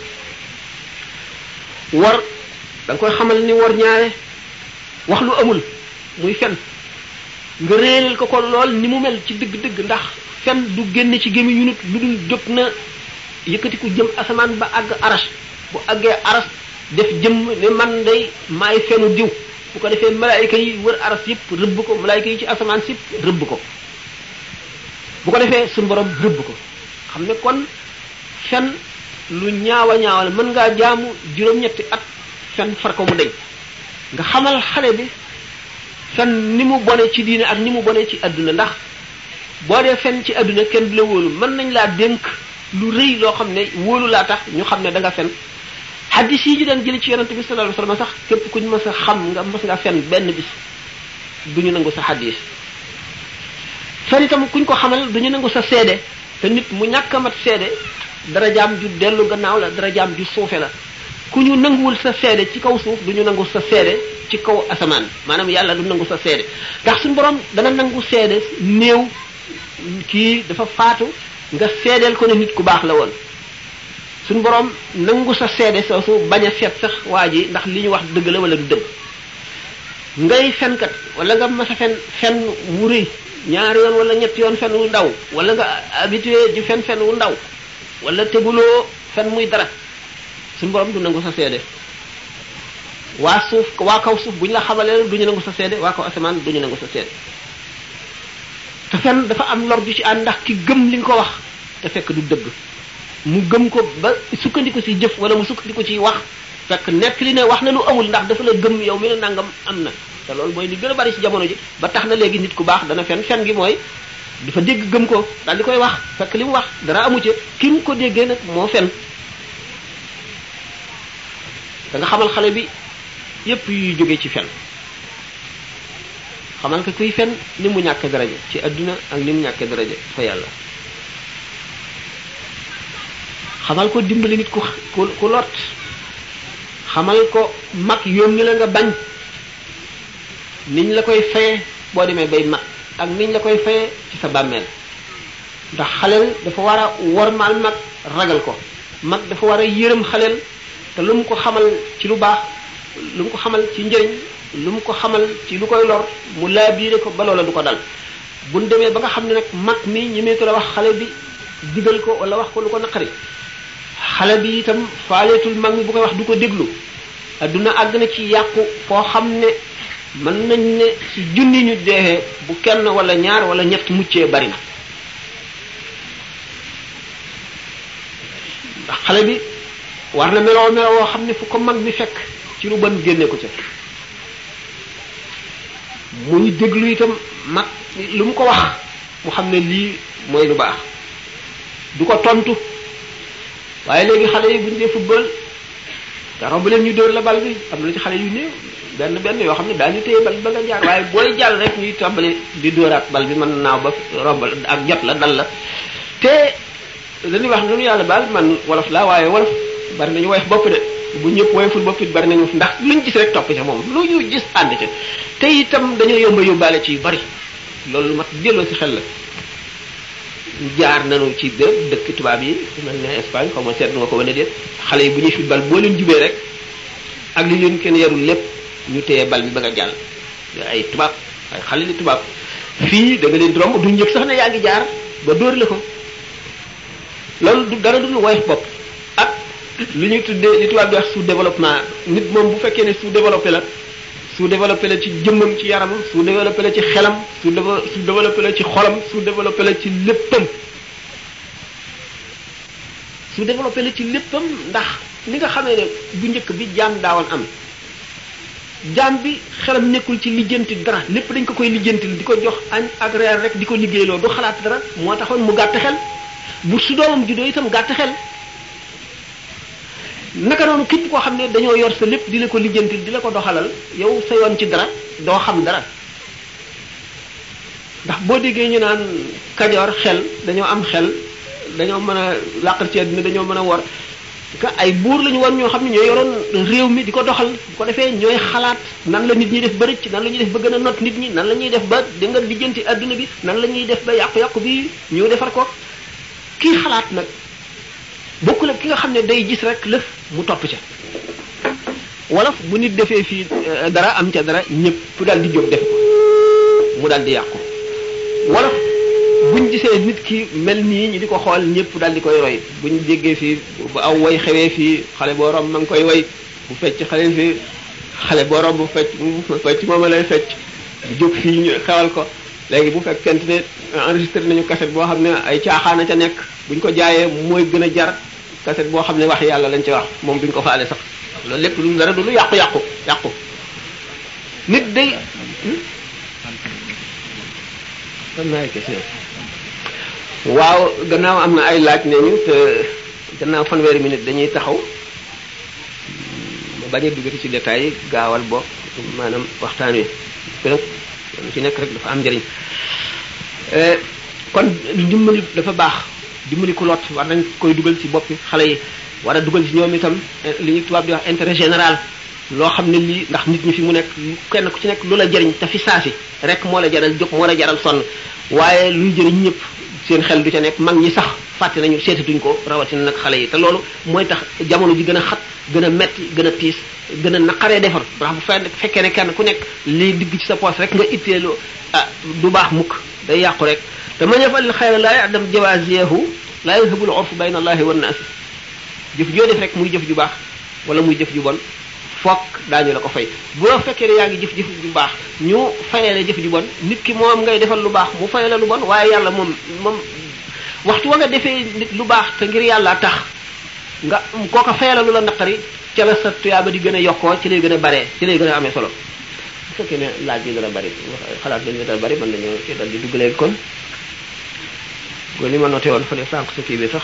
war da koy xamal ni war ñaare wax lu amul muy fen nga réeral ko ko lool ni mu mel ci dëgg-dëgg ndax fen du génn ci gémmiñu nit lu dul jóg na yëkkatiku jëm asamaan ba àgg aras bu àggee aras def jëmm ne man day maay fenu diw bu ko defee malaayika yi wër aras yëpp rëbb ko malaayika yi ci asamaan si yëpp rëbb ko bu ko defee suñu borom rëbb ko xam ne kon fen lu ñaawa ñaawal mën ngaa jaamu juróom-ñetti at fen far ko mu deñ nga xamal xale bi fen ni mu bone ci diine ak ni mu bone ci àdduna ndax boo dee fen ci àdduna kenn du la wóolu mën nañ laa dénk lu rëy loo xam ne wóolu laa tax ñu xam ne danga fen xaddis yi ñu daan jëli ci yonent bi sallallahu alayhi wasallam sax képp kuñ mës a xam nga mës nga fen benn bis duñu nangu sa xaddis fen itam kuñ ko xamal duñu nangu sa seede te nit mu ñàkk a mat seede dara jaam ju dellu gannaaw la dara jaam ju suufe la ku ñu nanguwul sa seede ci kaw suuf ñu nangu sa seede ci kaw asamaan maanaam yàlla du nangu sa seede ndax suñ borom dana nangu seede néew kii dafa faatu nga seedeel ko ne nit ku baax la woon suñ borom nangu sa seede soosu bañ a seet sax waa ji ndax li ñu wax dëgg la wala du dëgg ngay fenkat wala nga mas fen fen wu rëy ñaari yoon wala ñetti yoon fen wu ndaw wala nga habitué ci fen fen wu ndaw wala teguloo fen muy dara suñ borom du nangu sa seede waa suuf waa kaw suuf bu ñu la xamalee du ñu nangu sa seede waa kaw asamaan du ñu nangu sa seede te fen dafa am lor ju ci ànd ndax ki gëm li nga ko wax te fekk du dëgg mu gëm ko ba sukkandiku ci jëf wala mu sukkandiku ci wax fekk nekk li ne wax na nu amul ndax dafa la gëm yow mi ne nangam am na te loolu mooy li gën a bari ci jamono ji ba tax na léegi nit ku baax dana fen fen gi mooy dafa dégg gëm ko daal di koy wax fekk li mu wax dara amu ci ki mu ko déggee nag moo fen danga nga xamal xale bi yépp yuy jóge ci fen xamal ki kuy fen ni mu ñàkk daraja ci àdduna ak ni mu ñàkkee daraja fa yàlla xamal ko dimbali nit ku ku lot xamal ko mag yónni la nga bañ niñ la koy faye boo demee bay mag ak niñ la koy faye ci sa bàmmeel ndax xaleel dafa war a wormaal mag ragal ko mag dafa war a yërëm xaleel te lu mu ko xamal ci lu baax lu mu ko xamal ci njëriñ lu mu ko xamal ci lu koy lor mu laa biire ko ba loola du ko dal buñ demee ba nga xam ne nag mag mi ñemeetu la wax xale bi digal ko wala wax ko lu ko naqari xale bi itam faaleetul mag mi bu koy wax du ko déglu adduna àgg na ci yàqu foo xam ne mën nañ ne ci junni ñu deexee bu kenn wala ñaar wala ñett muccee bari na ndax xale bi war na meloo meloo woo xam ne fu ko mag mi fekk ci lu bon génne ko ca muy déglu itam mag lu mu ko wax mu xam ne lii mooy lu baax du ko tontu waaye léegi xale yi bu ñu dee football te romb leen ñu dóor la bal bi am na ci xale yu néew benn benn yoo xam ne ñu téye bal ba nga jaar waaye booy jàll rek ñuy tàmbali di dóoraat bal bi mën naaw ba romb ak jot la dal la te dañuy wax nu yàlla baal man wolof laa waaye wolof bari nañu woyof bopp de bu ñëpp woyoful bopp it bari nañu ndax luñ gis rek topp ca moom lu ñu gis ànd ca te itam dañoo yomba yóbbaale ci yu bari loolu ma delloo ci xel la jaar nañu ci béréb dëkk tubaab yi mel ne Espagne xaw ma seet nga ko wala de xale yi bu ñuy football boo leen jubee rek ak li leen kenn yarul lépp ñu téye bal bi ba nga jàll ay tubaab xale li tubaab fii da nga leen di romb duñ yëg sax ne yaa ngi jaar ba dóor la ko loolu du dara dul woyof bopp ak lu ñuy tuddee li tubaab di wax sous développement nit moom bu fekkee ne sous développé la su développé la ci jëmmam ci yaramam su développé la ci xelam su su développé la ci xolam su développé la ci léppam su développé la ci léppam ndax li nga xamee ne bu njëkk bi jaam daawoon am jaan bi xelam nekkul ci lijjanti dara lépp dañ ko koy lijjantil di ko jox añ rek di ko liggéeyloo du xalaat dara moo taxoon mu gàtt xel bu su doomam juddoo itam gàtt xel naka noonu képp koo xam ne dañoo yor sa lépp di la ko lijjanti di la ko doxalal yow sa yoon ci dara doo xam dara ndax boo déggee ñu naan kajoor xel dañoo am xel dañoo mën a làqal ci àddina dañoo mën a wor que ay buur lañu ñu woon ñoo xam ne ñoo yoroon réew mi di ko doxal bu ko defee ñooy xalaat nan la nit ñi def ba rëcc nan la ñuy def ba gën a not nit ñi nan la ñuy def ba da nga lijjanti àdduna bi nan la ñuy def ba yàqu-yàqu bi ñu defar ko kii xalaat nag bokk la ki nga xam ne day gis rek lëf mu topp ca wolof bu nit defee fii euh, dara am ca dara ñëpp daal di jóg def mu daal di yàqu wolof buñ gisee nit ki mel nii ñu di ko xool ñëpp daal di koy roy buñ jéggee fii bu aw way xewee fii xale boo romb ma koy woy bu fecc xale fii xale boo bu fecc bu fecc moom lay fecc bu jóg fii ñu xewal ko léegi bu fekkente ne enregistré nañu cassette boo xam ne ay caaxaana ca nekk buñ ko jaayee mooy gën a jar kaset boo xam ne wax yàlla lañ ci wax moom duñ ko faale sax loolu lépp lu dara du lu yàqu yàqu yàqu nit day am hmm? na ay question waaw gannaaw am na ay laaj ne ñu te gannaaw fanweeri minute dañuy taxaw hmm, ba bañ a duggati ci détail gaawal bokk maanam waxtaan wi rek ci nekk rek dafa am njëriñ eh, kon dimbali dafa baax dimbali ko lot war nañ koy dugal ci boppi xale yi war a dugal ci ñoom itam eh, li ñuy tubaab di wax intérêt général loo xam ne lii ndax nit ñi fi mu nekk kenn ku ci nekk lu la jariñ te fi rek moo la jaral jóg moo jaral sonn waaye luy jëriñ ñëpp seen xel du ca nekk mag ñi sax fàtte nañu seetatuñ ko rawatina nag xale yi te loolu mooy tax jamono ji gën a xat gën a metti gën a tiis gën a naqaree defar ndax bu fe fekkee ne kenn ku nekk lii digg ci sa poos rek nga itteelu ah du baax mukk day yàqu rek te man yafal xayra laa ya'dam jawaaziyahu laa yadhabul urfu bayna allahi wan naas jëf joo def rek muy jëf ju baax wala muy jëf ju bon fokk daañu la ko fay bu la fekkee ne yaa ngi jëf-jëf ju baax ñu fayee la jëf ju bon nit ki moom ngay defal lu baax mu fayee la lu bon waaye yàlla moom moom waxtu wa nga defee lu baax te ngir yàlla tax nga kooka fayee la lu la naqari ca la sa tuyaaba di gën a yokkoo ci lay gën a baree ci lay gën a amee solo bu fekkee ne laaj bi dana bari xalaat lañu dana bari mën nañu ci dal di dugg kon ba li ma noté woon fële sànq sa kii bi sax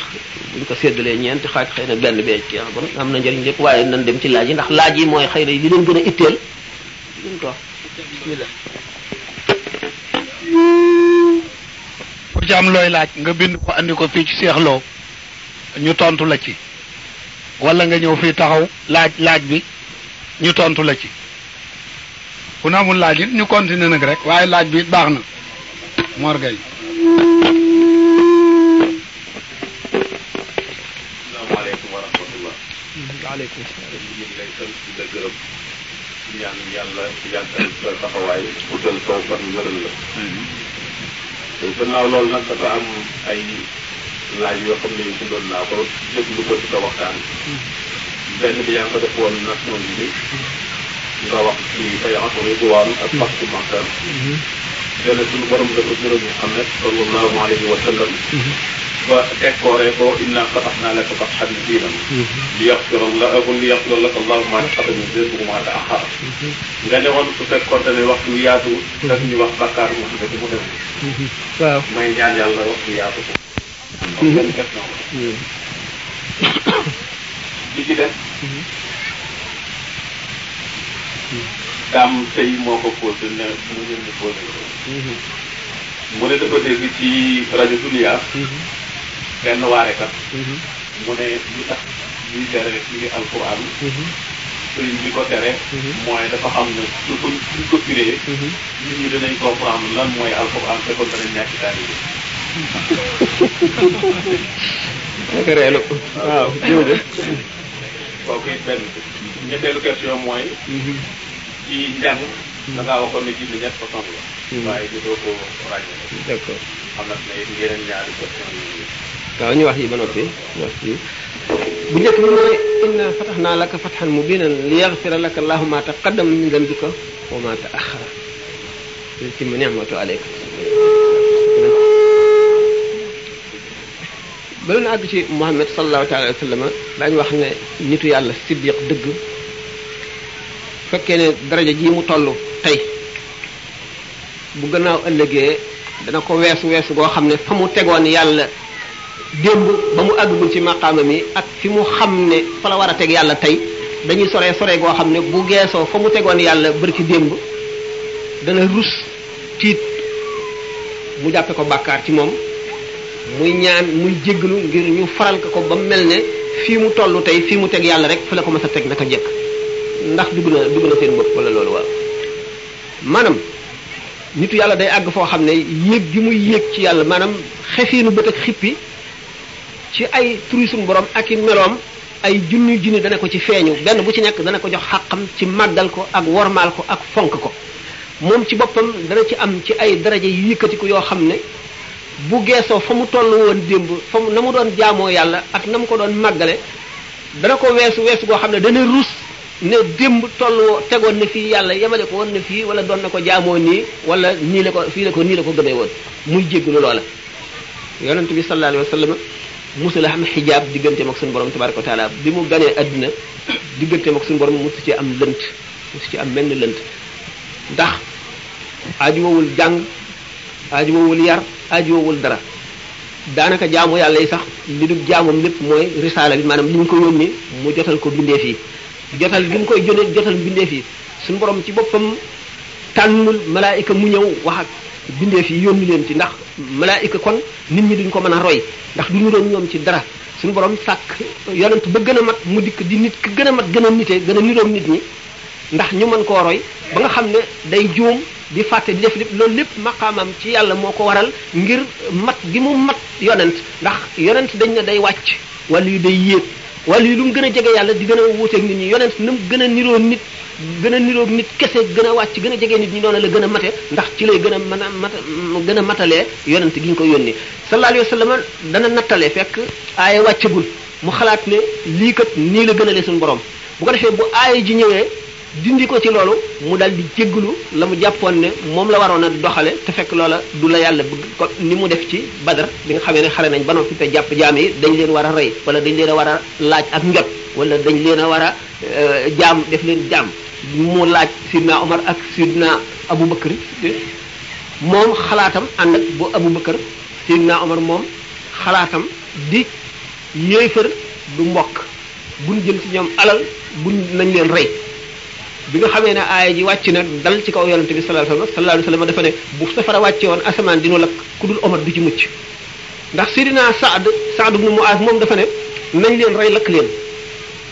buñ ko séddalee ñeent xaaj xëy na benn bee ci bon am na njëriñ lépp waaye nañ dem ci laaj yi ndax laaj yi mooy xëy na li leen gën a itteel luñ ko looy laaj nga bind ko andi ko fii ci seexloo ñu tontu la ci wala nga ñëw fii taxaw laaj laaj bi ñu tontu la ci ku na laaj it ñu nag rek waaye laaj bi baax na Mor Gueye waaleykum salaam. ñu ngi lay sant di la gërëm di ñaan yàlla yàggal sa taxawaay bu dal soo fan ngërëm la. te gannaaw loolu nag dafa am ay laaj yoo xam ne bindoon naa ko déglu ko ci sa waxtaan. benn bi yaa ngi ko def woon nation bi nga wax ci ay affaires yu ak pàcc nee na suñu borom dafa gërëm Muhammad sallallahu alayhi wa sallam ba décoré ko inna fatahna laka fathan mubiinan li yaxfira laka li yaxfira laka allahu ma taqaddama min dhanbika wa ma ta'akhkhara nga ne woon su fekkoonte ne waxtu yaatu daf ñu wax bàkkaar mu xam ne mu dem waaw may ñaan yàlla waxtu yaatu mm-hmm. ko benn question bi ci def mm-hmm. daam tey moo ko posé ne mu ngeen di posé mu ne dafa dégg ci rajo Dunia. benn waarekat. mu ne li tax ñuy tere li alquran. sëriñ bi ko tere. mooy dafa xam ne su ko su ko firee. nit ñi dinañ comprendre lan mooy alquran te kon danañ ñàkk taalibe. dëgg la waaw ñetteelu question mooy. ci njàng. Hmm. da ngaa waxoon ne jiw bi ñett façon la. Hmm. waaye ñu doo ko ràññee. d' accord am na yeneen ñaari questions yi. waaw ñu wax yi ba noppi ñu wax ci bu njëkk bi mooy inna fatahnaa laka fathan mubiinan li yaghfira laka llaahu maa taqaddama min dambika wa maa ta'axxara li yutimma ni'matahu alayka bala na àgg ci Muhammad sallallahu taala alayhi wa sallam daañu wax ne nitu yàlla siddiq dëgg fekkee ne daraja ji mu toll tey bu gannaaw ëllëgee dana ko weesu weesu goo xam ne fa mu tegoon yàlla démb ba mu àgg àggagul ci maqaama mi ak fi mu xam ne fa la war a teg yàlla tey dañuy soree soree goo xam ne bu geesoo fa mu tegoon yàlla bërki démb dana rus tiit mu jàppe ko bàkkaar ci moom muy ñaan muy jéggalu ngir ñu faral ko ba mel ne fii mu tollu tey fii mu teg yàlla rek fi la ko mës a teg naka njëkk ndax dugg na dugg na seen bopp wala loolu waaw maanaam nit yàlla day àgg foo xam ne yéeg gi muy yéeg ci yàlla maanaam xefiinu bët ak xippi ci ay turi borom ak i meloom ay junni junni dana ko ci feeñu benn bu ci nekk dana ko jox xàqam ci màggal ko ak wormaal ko ak fonk ko moom ci boppam dana ci am ci ay daraja yu yëkkatiku yoo xam ne bu geesoo fa mu toll woon démb fa mu na mu doon jaamoo yàlla ak na mu ko doon màggale dana ko weesu weesu goo xam ne dana rus ne démb tollu tegoon na fii yàlla yemale ko woon na fii wala doon na ko jaamoo nii wala nii la ko fii la ko nii la ko gëmee woon muy jéggalu loola yonent bi sallallahu alayhi wa sallam musul a xam xijaab digganteem ak suñu borom tabaraka wa taala bi mu ganee àddina digganteem ak suñu borom musu ci am lënt musu ci am menn lënt ndax aajowul jàng aajowul yar aajowul dara daanaka jaamu yàlla yi sax li du jaamam lépp mooy risaala bi maanaam li ñu ko yónni mu jotal ko bindee fii jotal bi mu koy jone jotal mbindeef yi suñu borom ci boppam tànnul malaayika mu ñëw wax ak bindeef yi yónni leen ci ndax malaayika kon nit ñi duñ ko mën a roy ndax du ñu doon ñoom ci dara suñu borom sàkk yonent ba gën a mat mu dikk di nit ki gën a mat gën a nitee gën a niroom nit ñi ndax ñu mën koo roy ba nga xam ne day juum di fàtte di lépp loolu lépp maqaamam ci yàlla moo ko waral ngir mat gi mu mat yonent ndax yonent dañ ne day wàcc wala yu day yéeg waa yi lu mu gën a jege yàlla di gën a wuuteeg nit ñi yonent na mu gën a niroo nit gën a niroog nit kese gën a wàcc gën a jege nit ñi doon la gën a mate ndax ci lay gën a mën a mata gën a matalee yonent gi ñu ko yónni sallallahu alayhi wa sallam dana nattale fekk aaya wàccagul mu xalaat ne lii kat nii la gën a lee suñu borom bu ko defee bu aaya ji ñëwee dindi ko ci loolu mu dal di jégglu la mu jàppoon ne moom la waroon a doxale te fekk loola du la yàlla bëgg ko ni mu def ci badar bi nga xamee ne xale nañ ba noppi te jàpp jaam yi dañ leen war rey wala dañ leen a war a laaj ak njot wala dañ leen a war a euh, jaam def leen jaam mu laaj sidna Omar ak sidna Abu Bakar moom xalaatam ànd ak bu Abu Bakar sidna Omar moom xalaatam di yéefër du mbokk buñ jël ci ñoom alal buñ nañ leen rey bi nga xamee ne aaya ji wàcc na dal ci kaw yonente bi sallallahu alayhi wasallam sallallahu dafa ne bu safara wàcce woon asamaan dinu lakk ku dul Omar du ci mucc ndax Seydina Saad Saad ibn Muaz moom dafa ne nañ leen rey lakk leen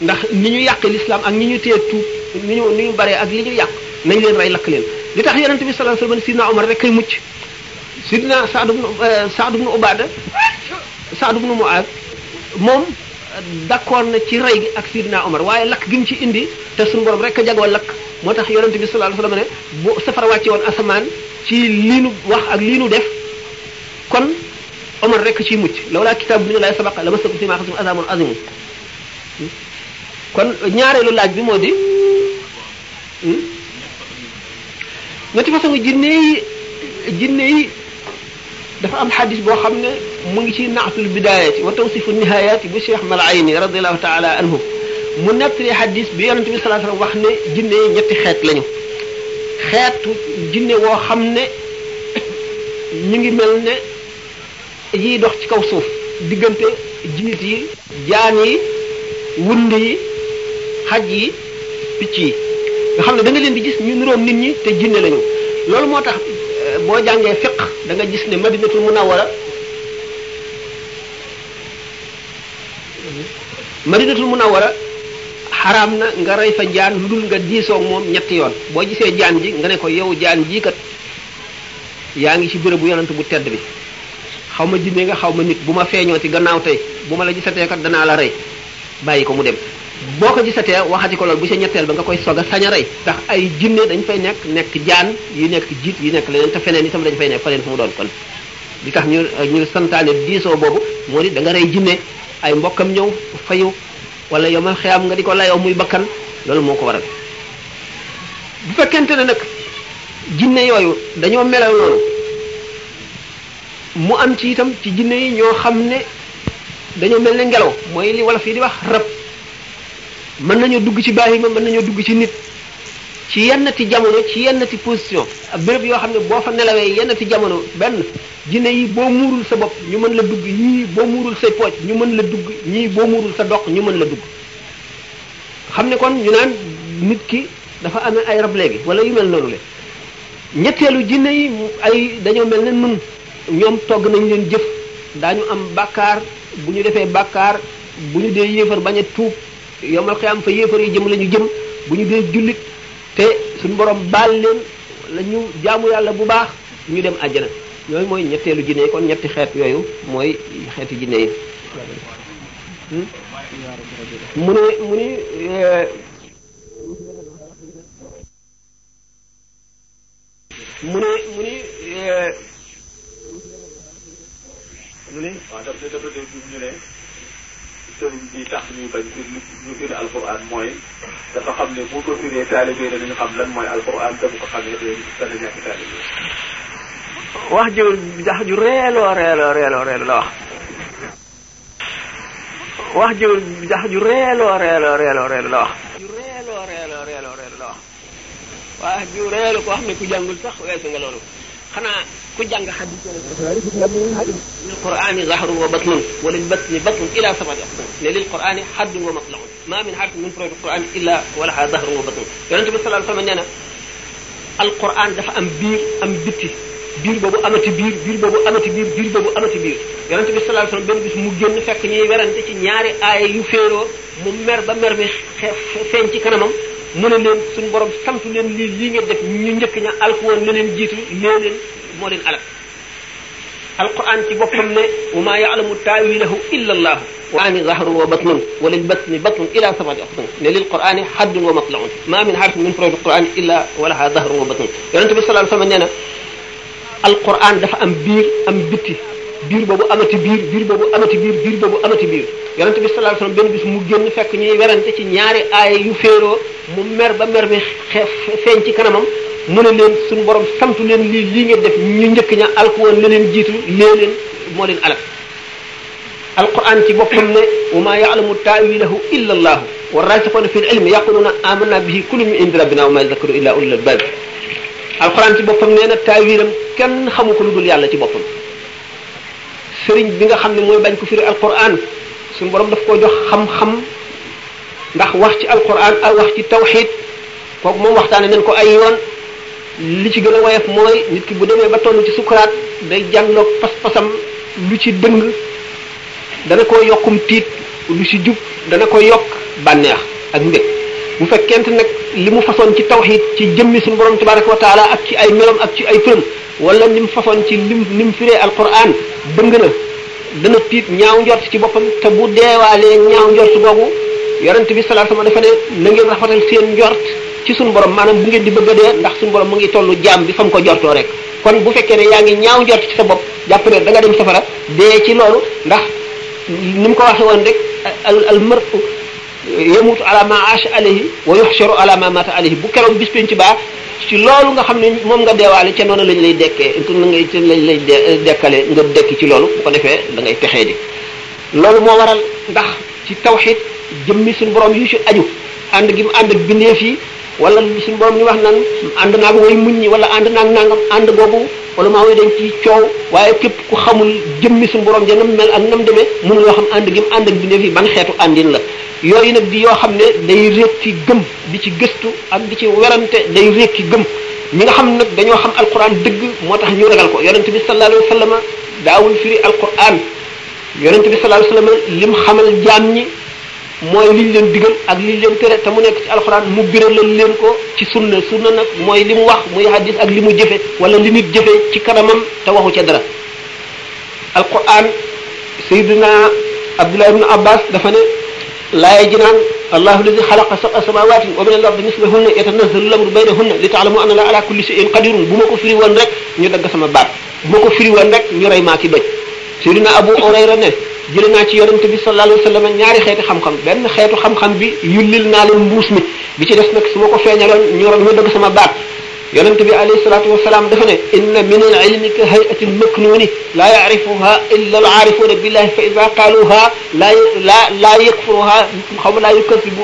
ndax ni ñu yàqee l'islam ak ni ñu téye tuub ni ñu ni ñu baree ak li ñu yàq nañ leen rey lakk leen li tax yonente bi sallallahu alayhi wasallam Seydina Omar rek kay mucc Seydina Saad ibn Saad ibn Ubada Saad ibn Muaz moom d'accord na ci rey gi ak Sidina Omar waaye lakk gi mu ci indi te suñu borom rek a lakk moo tax yonent bi sallallahu alayhi wasallam ne bu safara wàcce woon asamaan ci lii nu wax ak lii nu def kon Omar rek ciy mucc lawlaa kitaabu minallaahi sabaqa lamassakum fiimaa axadtum azaamun aziim kon ñaareelu laaj bi moo di hmm? ñetti façon jinne yi jinne yi dafa am xadis boo xam ne. mu ngi ci naatul bidaayati wa tawsifu nihaayati bu Cheikh Malayni radiallahu taala anhu mu nettali xadis bi yonente bi sallallahu alayhi wasallam wax ne jinne ñetti xeet lañu xeetu jinne woo xam ne ñu ngi mel ne yiy dox ci kaw suuf diggante jiit yi jaan yi wund yi xaj yi picc yi nga xam ne da leen di gis ñu niroom nit ñi te jinne lañu loolu moo tax eh, boo jàngee fiq danga gis ne madinatul munawwara a war a xaraam na nga rey fa jaan lu dul nga diisoo moom ñetti yoon boo gisee jaan ji nga ne ko yow jaan jii kat yaa ngi ci bérébu yonent bu tedd bi xaw ma jinne nga xaw ma nit bu ma feeñoo ci gannaaw tey bu ma la gisatee kat danaa la rey bàyyi ko mu dem boo ko gisatee waxati ko loolu bu sa ñetteel ba nga koy soog a sañ a rey ndax ay jinne dañ fay nekk nekk jaan yu nekk jiit yu nekk leneen te feneen itam dañ fay nekk feneen fu mu doon kon li tax ñu ñu santaane diisoo boobu moo di da nga rey jinne ay mbokkam ñëw fayu wala yomal xiyaam nga di ko layoo muy bakkan loolu moo ko waral bu fekkente ne nag jinne yooyu dañoo melaw noonu mu am ci itam ci jinne yi ñoo xam ne dañoo mel ne ngelaw mooy li wolof fii di wax rab mën nañoo dugg ci baahima mën nañoo dugg ci nit ci yenn jamono ci yenn position ak béréb yoo xam ne boo fa nelawee yenn ti jamono benn jinne yi boo muurul sa bopp ñu mën la dugg ñii boo muurul say ñu mën la dugg ñii boo sa dox ñu mën la dugg xam ne kon ñu naan nit ki dafa amee ay rab léegi wala yu mel noonu le ñetteelu jinne yi ay dañoo mel na nun ñoom togg nañ leen jëf daañu am bàkkaar bu ñu defee bàkkaar bu ñu dee yéefar bañ a tuub yomal xiyaam fa yéefar jëm lañu jëm bu ñu dee jullit te suñu borom baal leen lañu ñu jaamu yàlla bu baax ñu dem àjjana yooyu mooy ñetteelu jinne yi kon ñetti xeet yooyu mooy xeeti jinne yi hmm? mu ne mu ni eh, mu ne mu ni mu eh, ne waaw daf daf daf mooy dafa xam ne bu ko firee taalibe dañu xam lan mooy alquran te bu ko xamee dee dana wax ju wax ju reeloo reeloo reeloo reeloo la wax wax ju wax ju reeloo reeloo reeloo reeloo la wax reeloo reeloo reeloo reeloo la wax wax ju reelu ko xam ne ku jàngul sax weesu nga loolu xanaa ku jàng xadis lil qur'ani zahrun wa batnun wa lil batni batnun ila sabati aqdam ne lil qur'ani haddun wa matla'un ma min harfin min furu'i qur'ani illa wa laha zahrun wa batnun yonente bi sallallahu alayhi wa sallam nee na al qur'an dafa am biir am bitti biir boobu amati biir biir boobu amati biir biir boobu amati biir yonente bi sallallahu alayhi wasallam benn bis mu génn fekk ñuy werante ñaari aaya yu féeroo mu mer ba mer mi feeñ ci kanamam mu ne leen suñu borom santu leen lii lii ngeen def ñu njëkk ña alku woon la leen jiitu lee leen moo leen alal alquran ci ne wa maa yaalamu taawilahu illa allah qurani zahrun wa batnun wa lil batni batnun ila sabati axdun ne lil qurani haddun wa matlaun ma min harfin min furud alqurani illa wa laha zahrun wa batnun yonente bi sallallahu alayhi wasallam nee na alquran dafa am biir am bitti biir boobu amati biir biir boobu amati biir biir boobu amati biir yonent bi sallallahu alayhi wasallam benn bis mu génn fekk ñuy werante ci ñaari aaya yu féeroo mu mer ba mer bi feeñ ci kanamam mu ne leen suñu borom santu leen lii lii ngeen def ñu njëkk ña alku woon leen jiitu lee leen moo leen alak alquran ci boppam ne wa maa yaalamu taawilahu illa allahu wa raasixuuna fi l ilmi yaquluuna amanna bihi kullun min indi rabbina wa maa yadakkaru illa ulul albaab alxuraan ci boppam nee na taawiram kenn xamu ko lu dul yàlla ci boppam sëriñ bi nga xam ne mooy bañ ko firi alxuraan suñu borom daf ko jox xam-xam ndax wax ci alxuraan ak wax ci tawxiid kooku moom waxtaane nañ ko ay yoon li ci gën a woyof mooy nit ki bu demee ba toll ci sukuraat day jànloog pas-pasam lu ci dëng dana ko yokkum tiit lu ci jub dana ko yokk bànneex ak mbég bu fekkente nag li mu façon ci tawxid ci jëmmi suñu borom tabaraka wa taala ak ci ay melom ak ci ay turam wala ni mu façon ci lim ni mu firee alquran dëng na dana tiit ñaaw njort ci boppam te bu deewaalee ñaaw njort googu yonent bi sallallahu alayhi wasallam dafa ne na ngeen rafetal seen njort ci suñu borom maanaam bu ngeen di bëgg dee ndax suñu borom mu ngi tollu jaam bi fa ko jortoo rek kon bu fekkee ne yaa ngi ñaaw njort ci sa bopp jàpp ne da nga dem safara dee ci loolu ndax ni mu ko waxee woon rek al al yamutu ala ma aasha alayhi wa yuxsharu ala ma mata alayhi bu keroog bis penc baax ci loolu nga xam ne moom nga deewaale ca noonu lañ lay dekkee ca lañ lay dekkale nga dekki ci loolu bu ko defee da ngay texee di loolu moo waral ndax ci tawxid jëmmi suñu borom yu ci aju ànd gi mu ànd ak bindeef yi wala suñu borom ñu wax naan ànd naag way muñ ñi wala ànd naag nangam ànd boobu wala maa way dañ ci coow waaye képp ku xamul jëmmi suñu borom ja nam mel ak nam demee loo xam ànd gi mu ànd ak bindeef yi ban xeetu àndin la yooyu nag di yoo xam ne day rékki gëm di ci gëstu ak di ci werante day rékki gëm ñi nga xam nag dañoo xam alquran dëgg moo tax ñu ragal ko yonent bi sallallahu alayhi wa sallam daawul firi alquran yonent bi sallallahu alayhi wa sallam lim xamal jaam ñi mooy liñ leen digal ak liñ leen tere te mu nekk ci alquran mu biralal leen ko ci sunna sunna nag mooy li mu wax muy hadis ak li mu jëfe wala li nit jëfe ci kanamam te waxu ca dara alquran sayyidina Abdullah ibn Abbas dafa ne laay ji naan allahu alladi xalaqa sab'a samawaatin wa min al-ardi mislahunna yatanazzalu al-amru baynahunna li ta'lamu anna ala kulli shay'in qadirun bu ma ko firi woon rek ñu dagg sama baat bu ma ko firi woon rek ñu rey maa ki doj Seydina Abu Hurayra ne jëlee naa ci yonent bi la alayhi wa sallam ñaari xeeti xam-xam benn xeetu xam-xam bi yullil naa leen mbuus mi bi ci des nag su ma ko feeñaloon ñu ñu dagg sama baat yonent bi alayhi salaatu wasalaam dafa ne inna min al ilmi ka hayati al maknuni laa yaarifuha illa al aarifuuna billahi fa ida qaaluha laa laa yakfuruha xaw ma laa yukazibu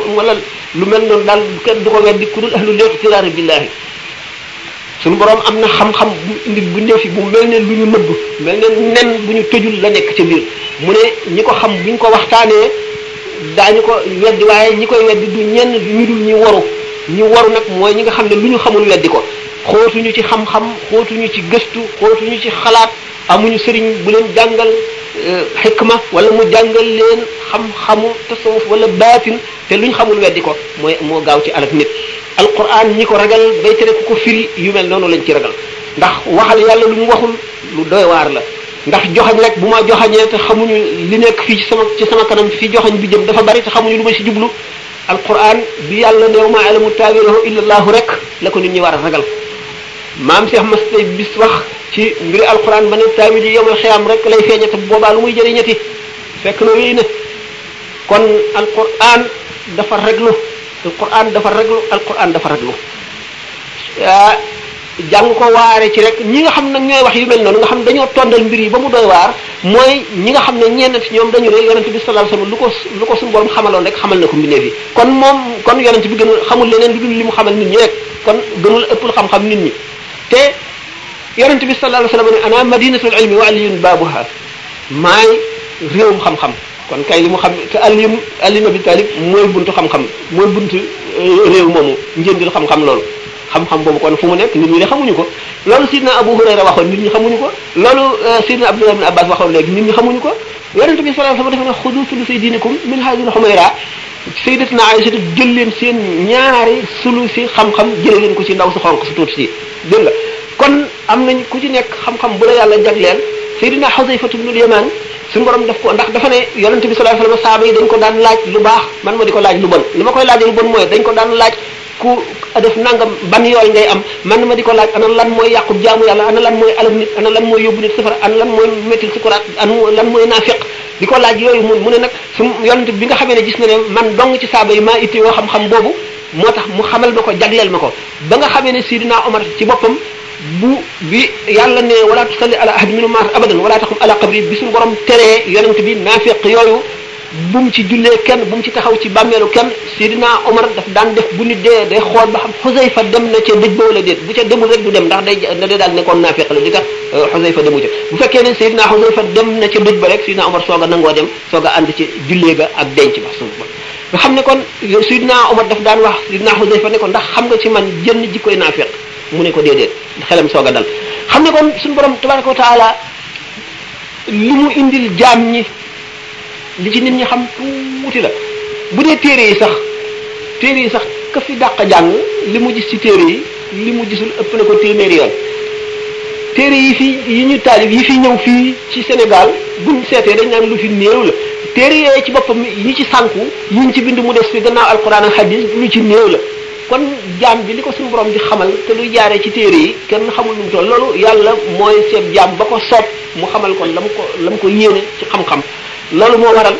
lu mel noonu daal kenn du ko weddi ku dul ahlul iqtiraari billahi suñu borom am na xam-xam bu indi bu ndeefi bu mel ne lu ñu nëbb mel ne nen bu ñu tëjul la nekk ca biir mu ne ñi ko xam bu ñu ko waxtaanee daañu ko weddi waaye ñi ko weddi du ñenn ñu dul ñu waru ñi waru nag mooy ñi nga xam ne lu ñu xamul weddi ko xootuñu ci xam-xam xootuñu ci gëstu ñu ci xalaat amuñu sëriñ bu leen jàngal euh, xikma wala mu jàngal leen xam-xamu tasawuf wala baatin te luñ xamul weddi ko mooy moo gaaw ci alak nit alquran ñi ko ragal bay tere ku ko firi yu mel noonu lañ ci ragal ndax waxal yàlla lu mu waxul lu doy waar la ndax joxañ rek bu ma joxañee te xamuñu li nekk fii ci sama ci sama kanam fii joxañ bi jëm dafa bari te xamuñu lu ma ci jublu alquran bi yàlla ne ma alamu taawirahu illallahu rek la ko nit ñi war a ragal maam Cheikh mas tay bis wax ci mbiri alquran ba ne taawil yi yomal xiyaam rek lay feeñate boobaa lu muy jëriñati fekk na wéy na kon alquran dafa reglu alquran dafa reglu alquran dafa reglu ah, jàng ko waare ci rek ñi nga xam nag ñooy wax yu mel noonu nga xam dañoo tondal mbir yi ba mu doy waar mooy ñi nga xam ne ñenn ci ñoom dañu rek yonent bi sallallahu alayhi wasallam lu ko lu ko suñu borom xamaloon rek xamal na ko ne yi kon moom kon yonent bi gënul xamul leneen lu dul li mu xamal nit ñi rek kon gënul ëppul xam-xam nit ñi te yonent bi sallallahu alayhi wasallam ne ana madinatul ilmi wa aliyun baabuha maay réewum xam-xam kon kay li mu xam te aliyum aliyum abi talib mooy buntu xam-xam mooy buntu euh, réew moomu njëndil xam-xam loolu xam-xam boobu kon fu mu nekk nit ñi de xamuñu ko loolu sidna Abu Hurayra waxoon nit ñi xamuñu ko loolu euh, sidna Abdullah bin Abbas waxoon léegi nit ñi xamuñu ko yonent bi sallallahu alayhi wasallam dafa ne xudu jël leen seen ñaari sulu si xam-xam jëlee leen ko ci ndaw su xonq si tuut si dégg nga kon am nañ ku ci nekk xam-xam bu la yàlla jagleel sayyidina Xusayfatu bnul Yamaan suñu borom def ko ndax dafa ne yonent bi sallallahu alayhi saaba yi dañ ko daan laaj lu baax man ma di ko ma koy laajee lu bon ko daan laaj ku def nangam ban yooyu ngay am man ma di ko laaj ana lan mooy yàqub jaamu yàlla ana lan mooy alal nit ana lan mooy yóbbu nit safara ana lan mooy mettil sukuraat ana lan mooy naafiq di ko laaj yooyu mun mu ne nag su yonent bi nga xamee ne gis na ne man dong ci saaba yi maa itti yoo xam-xam boobu moo tax mu xamal ma ko jagleel ma ko ba nga xamee ne Sidina Omar ci boppam bu bi yàlla ne wala tusalli ala ahad minhum abadan wala taqum ala qabri bi suñu borom teree yonent bi naafiq yooyu bu mu ci jullee kenn bu mu ci taxaw ci bàmmeelu kenn Seydina Omar daf daan def bu nit dee day xool ba xam Xusayfa dem na ca dëj ba wala déet bu ca demul rek du dem ndax day day daal nekkoon naafiq la li tax euh, Xusayfa demu ca bu fekkee ne Seydina Xusayfa dem na ca dëj ba rek a nangoo a ànd ci jullee nga xam ne kon Seydina Omar daf daan wax Seydina Xusayfa ne ko ndax xam nga ci man jënn jikkoy naafiq a dal xam ne kon suñu mu indil jaam ñi li ci nit ñi xam tuuti la bu dee téere yi sax téere yi sax ka fi dàq jàng li mu gis ci téere yi li mu gisul ëpp na ko téeméeri yoon téere yi fi yi ñu taalib yi fi ñëw fii ci Sénégal buñ seetee dañ naan lu fi néew la téere yooyu ci boppam yi ci sànku yi ñu ci bind mu des fi gannaaw alquran ak hadis lu ci néew la kon jaam bi li ko suñu borom di xamal te luy jaaree ci téere yi kenn xamul lu mu toll loolu yàlla mooy seet jaam ba ko soob mu xamal kon la ko la ko yéene ci xam loolu moo waral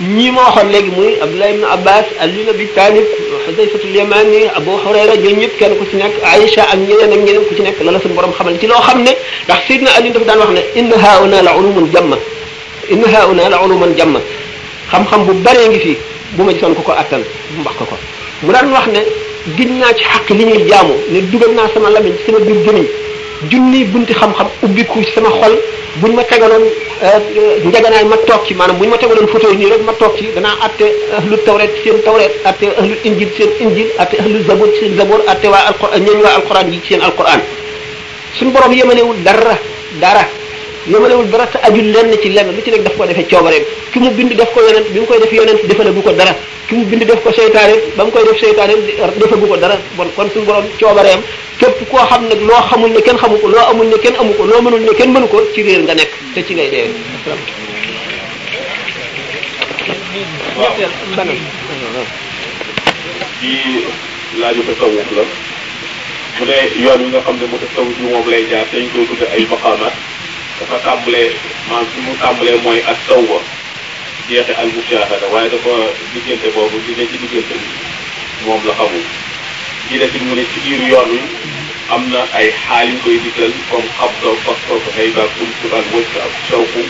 ñii ma waxoon léegi muy Abdullah ibn Abbas Ali ibn Abi Talib Hudayfatul Yamani Abu Hurayra ñoom ñëpp kenn ku ci nekk Aïcha ak ñeneen ak ñeneen ku ci nekk lala suñu borom xamal ci loo xam ne ndax Seydina Ali dafa daan wax ne inna hauna la ulumun jamma inna hauna la ulumun jamma xam-xam bu baree ngi fi bu ma gisoon ko ko attan bu mbax ko ko mu daan wax ne gis naa ci xaq li ñuy jaamu ne dugal naa sama lamiñ ci sama biir gémmiñ junni bunti xam-xam ubbiku ci sama xol bu ñu ma tegaloon njaganaay euh, ma toog ci maanaam buñ ma tegaloon photo yi nii rek ma toog ci danaa atte ahlul tawret seen tawret atte ahlul injil seen injil atte ahlul zabor seen zabor atte waa alquran ñooñu waa alquran yi ci seen alquran suñ borom yemanewul dara dara yemalewul dara te ajul lenn ci lenn lu ci nekk daf ko defee coobareem ki mu bind def ko yonent bi mu koy def yonent defalagu ko dara ki mu bind def ko seytaane ba mu koy def seytaane er, defagu ko dara bon kon suñu borom coobareem képp koo xam ne loo xamul ne kenn xamu ko loo amul ne kenn amu ko loo mënul ne kenn mënu ko ci réer nga nekk te ci ngay dee. waaw kii laaju tasawuf la mu yoon wi nga xam ne mu tasawuf bi dafa tàmbalee maanaam mu tàmbalee mooy ak taw ba jeexe al mushahada waaye dafa diggante boobu di ne ci diggante moom la xamul ji desit mu ne ci biir yoon am na ay xaal koy dikkal comme xab ka fas ko xëy ba kumtu ak wëcc ak shawku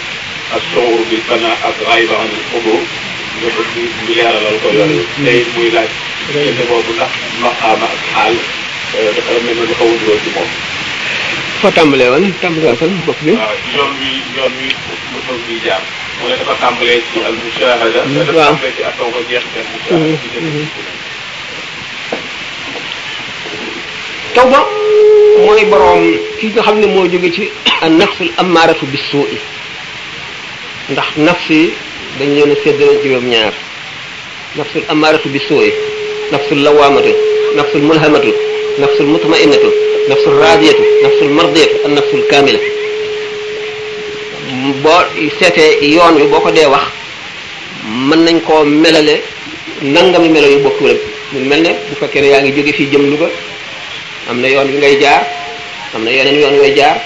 ak shawru bil fana ak rayba anil xudu nga ko ci ñu leeralal ko yooyu tey muy ak xaal euh, dafa mel ne xaw a ci moom foo tàmbalee woon tàmbalee woon fan bopp bi. taw ba jaar. mu ne mm-hmm. mm-hmm. Mm-hmm. mooy boroom ki nga xam ne moo jóge ci an nafsul amaaratu bi suu'i ndax nafs yi dañ leen a séddale juróom-ñaar nafsul amaaratu bi suu'i nafsul lawaamatu nafsul mulhamatu nafsul mutmainnatu nafsul raadiyatu nafsul mardiyatu ak nafsul kaamila boo seetee yoon wi boo ko dee wax mën nañ koo melale nangami melo yu bokkul mu mel ne bu fekkee ne yaa ngi jóge fii jëm Louga am na yoon wi ngay jaar am na yeneen yoon ngay jaar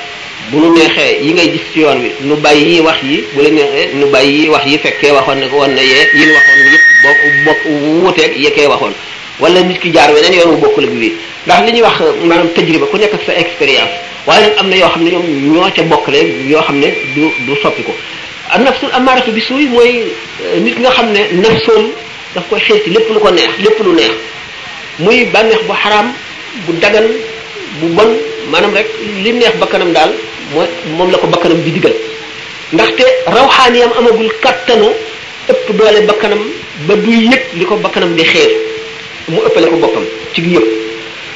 bu nu neexee yi ngay gis ci yoon wi nu bàyyi wax yi bu la neexee nu bàyyi wax yi fekkee waxoon ne ko woon na yee yi waxoon yëpp boo bokk wuuteeg yekkee waxoon wala nit ki jaar weneen yoon bokk bokkul ak bii ndax li ñuy wax maanaam tajriba ku nekk ak sa expérience waaye nag am na yoo xam ne ñoom ñoo ca bokkale yoo xam ne du du soppi ko nafsul amaaratu bi suuy mooy euh, nit nga xam ne nafsoom daf koy xeet ci lépp lu ko neex lépp lu neex muy bànneex bu xaraam bu dagan bu bon maanaam rek li neex bakkanam daal mooy moom la ko bakkanam di digal ndaxte rawxaaniyam amagul kattanu ëpp doole bakkanam ba du yëg li ko bakkanam di xeer mu ëppale ko boppam ci yëpp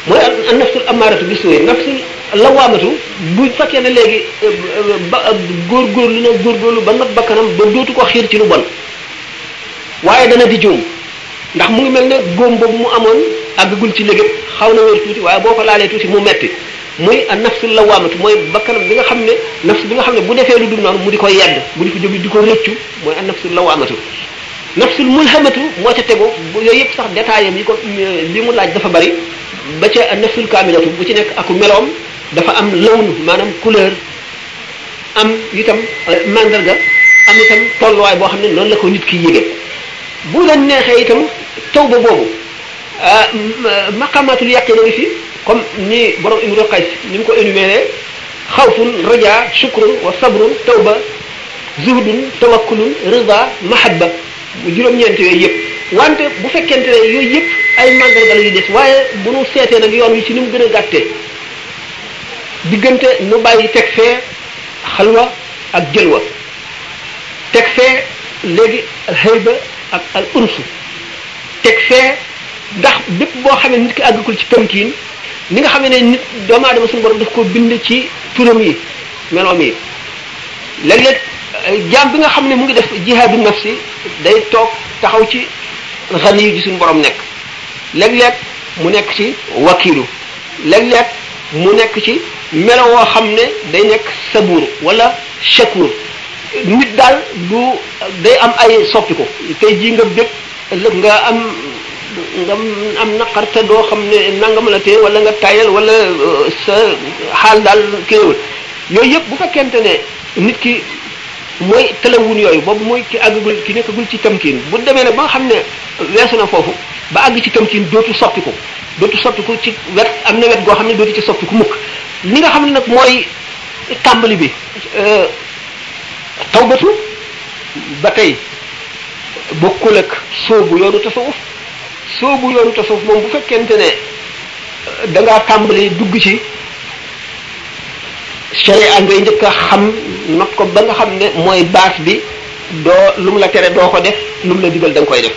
mooy an nafsul amaaratu bi suuy nafsul lawaamatu bu fekkee ne léegi euh, euh, ba euh, góorgóorlu na góorgóorlu ba not bakkanam ba dootu ko xiir ci lu bon waaye dana di juum ndax mu ngi mel ne góom boobu mu amoon àggagul ci léegi xaw na wér tuuti waaye boo ko laalee tuuti mu metti mooy an nafsul lawaamatu mooy bakkanam bi nga xam ne nafs bi nga xam ne bu defee lu dul noonu mu di ko yedd mu di ko jóg di ko rëccu mooy an nafsul lawaamatu nafsul mulhamatu moo ca tegu yooyu yëpp sax détaillam yi ko li mu laaj dafa bari ba ca nafsul kaamilatu bu ci nekk aku meloom dafa am lawnu maanaam couleur am itam euh, mandarga am itam tolluwaay boo xam ne noonu la ko nit ki yége bu leen neexee itam taw ba boobu euh, maqamatul yaqin ngi fi comme ni borom Imrul Qays ni mu ko énuméré xawfun raja shukrun wa sabrun tawba zuhdun tawakkulun rida mahabba juróom-ñeent yooyu yëpp wante bu fekkente ne yooyu yëpp ay màndargal yu des waaye bu nu seetee nag yoon wi ci ni mu gën a gàttee diggante nu bàyyi teg fee xalwa ak jëlwa teg fee léegi al hayba ak al teg fee ndax bépp boo xamee nit ki àggagul ci tamkiin ni nga xame ne nit doomu aadama suñu borom daf ko bind ci turam yi meloom yi léeg-léeg jaam bi nga xam ne mu ngi def jihaadu nafsi day toog taxaw ci xani ji suñu borom nekk léeg-léeg mu nekk ci wakiilu léeg-léeg mu nekk ci melo woo xam ne day nekk sabuur wala shakuur nit daal du day am ay soppiku tey jii nga bëgg ëllëg nga am nga am naqar te doo xam ne nangam la tee wala nga tayal wala euh, sa xaal daal kiiwul yooyu yëpp bu fekkente ne nit ki mooy tëlawun yooyu boobu mooy ki àggagul ki nekkagul ci tamkiin bu demee nag ba nga xam ne weesu na foofu ba àgg ci tamkiin dootu soppiku dootu soppiku ci wet am na wet goo xam ne dootu ci soppiku mukk ni nga xam ne nag mooy tàmbali bi euh, tawbatu ba tey bokkul ak soobu yoonu tasawuf soobu yoonu tasawuf moom bu fekkente ne euh, da ngaa tàmbali dugg ci ak ngay njëkk a xam not ko ba nga xam ne mooy baas bi doo lu mu la tere doo ko def lu mu la digal danga nga koy def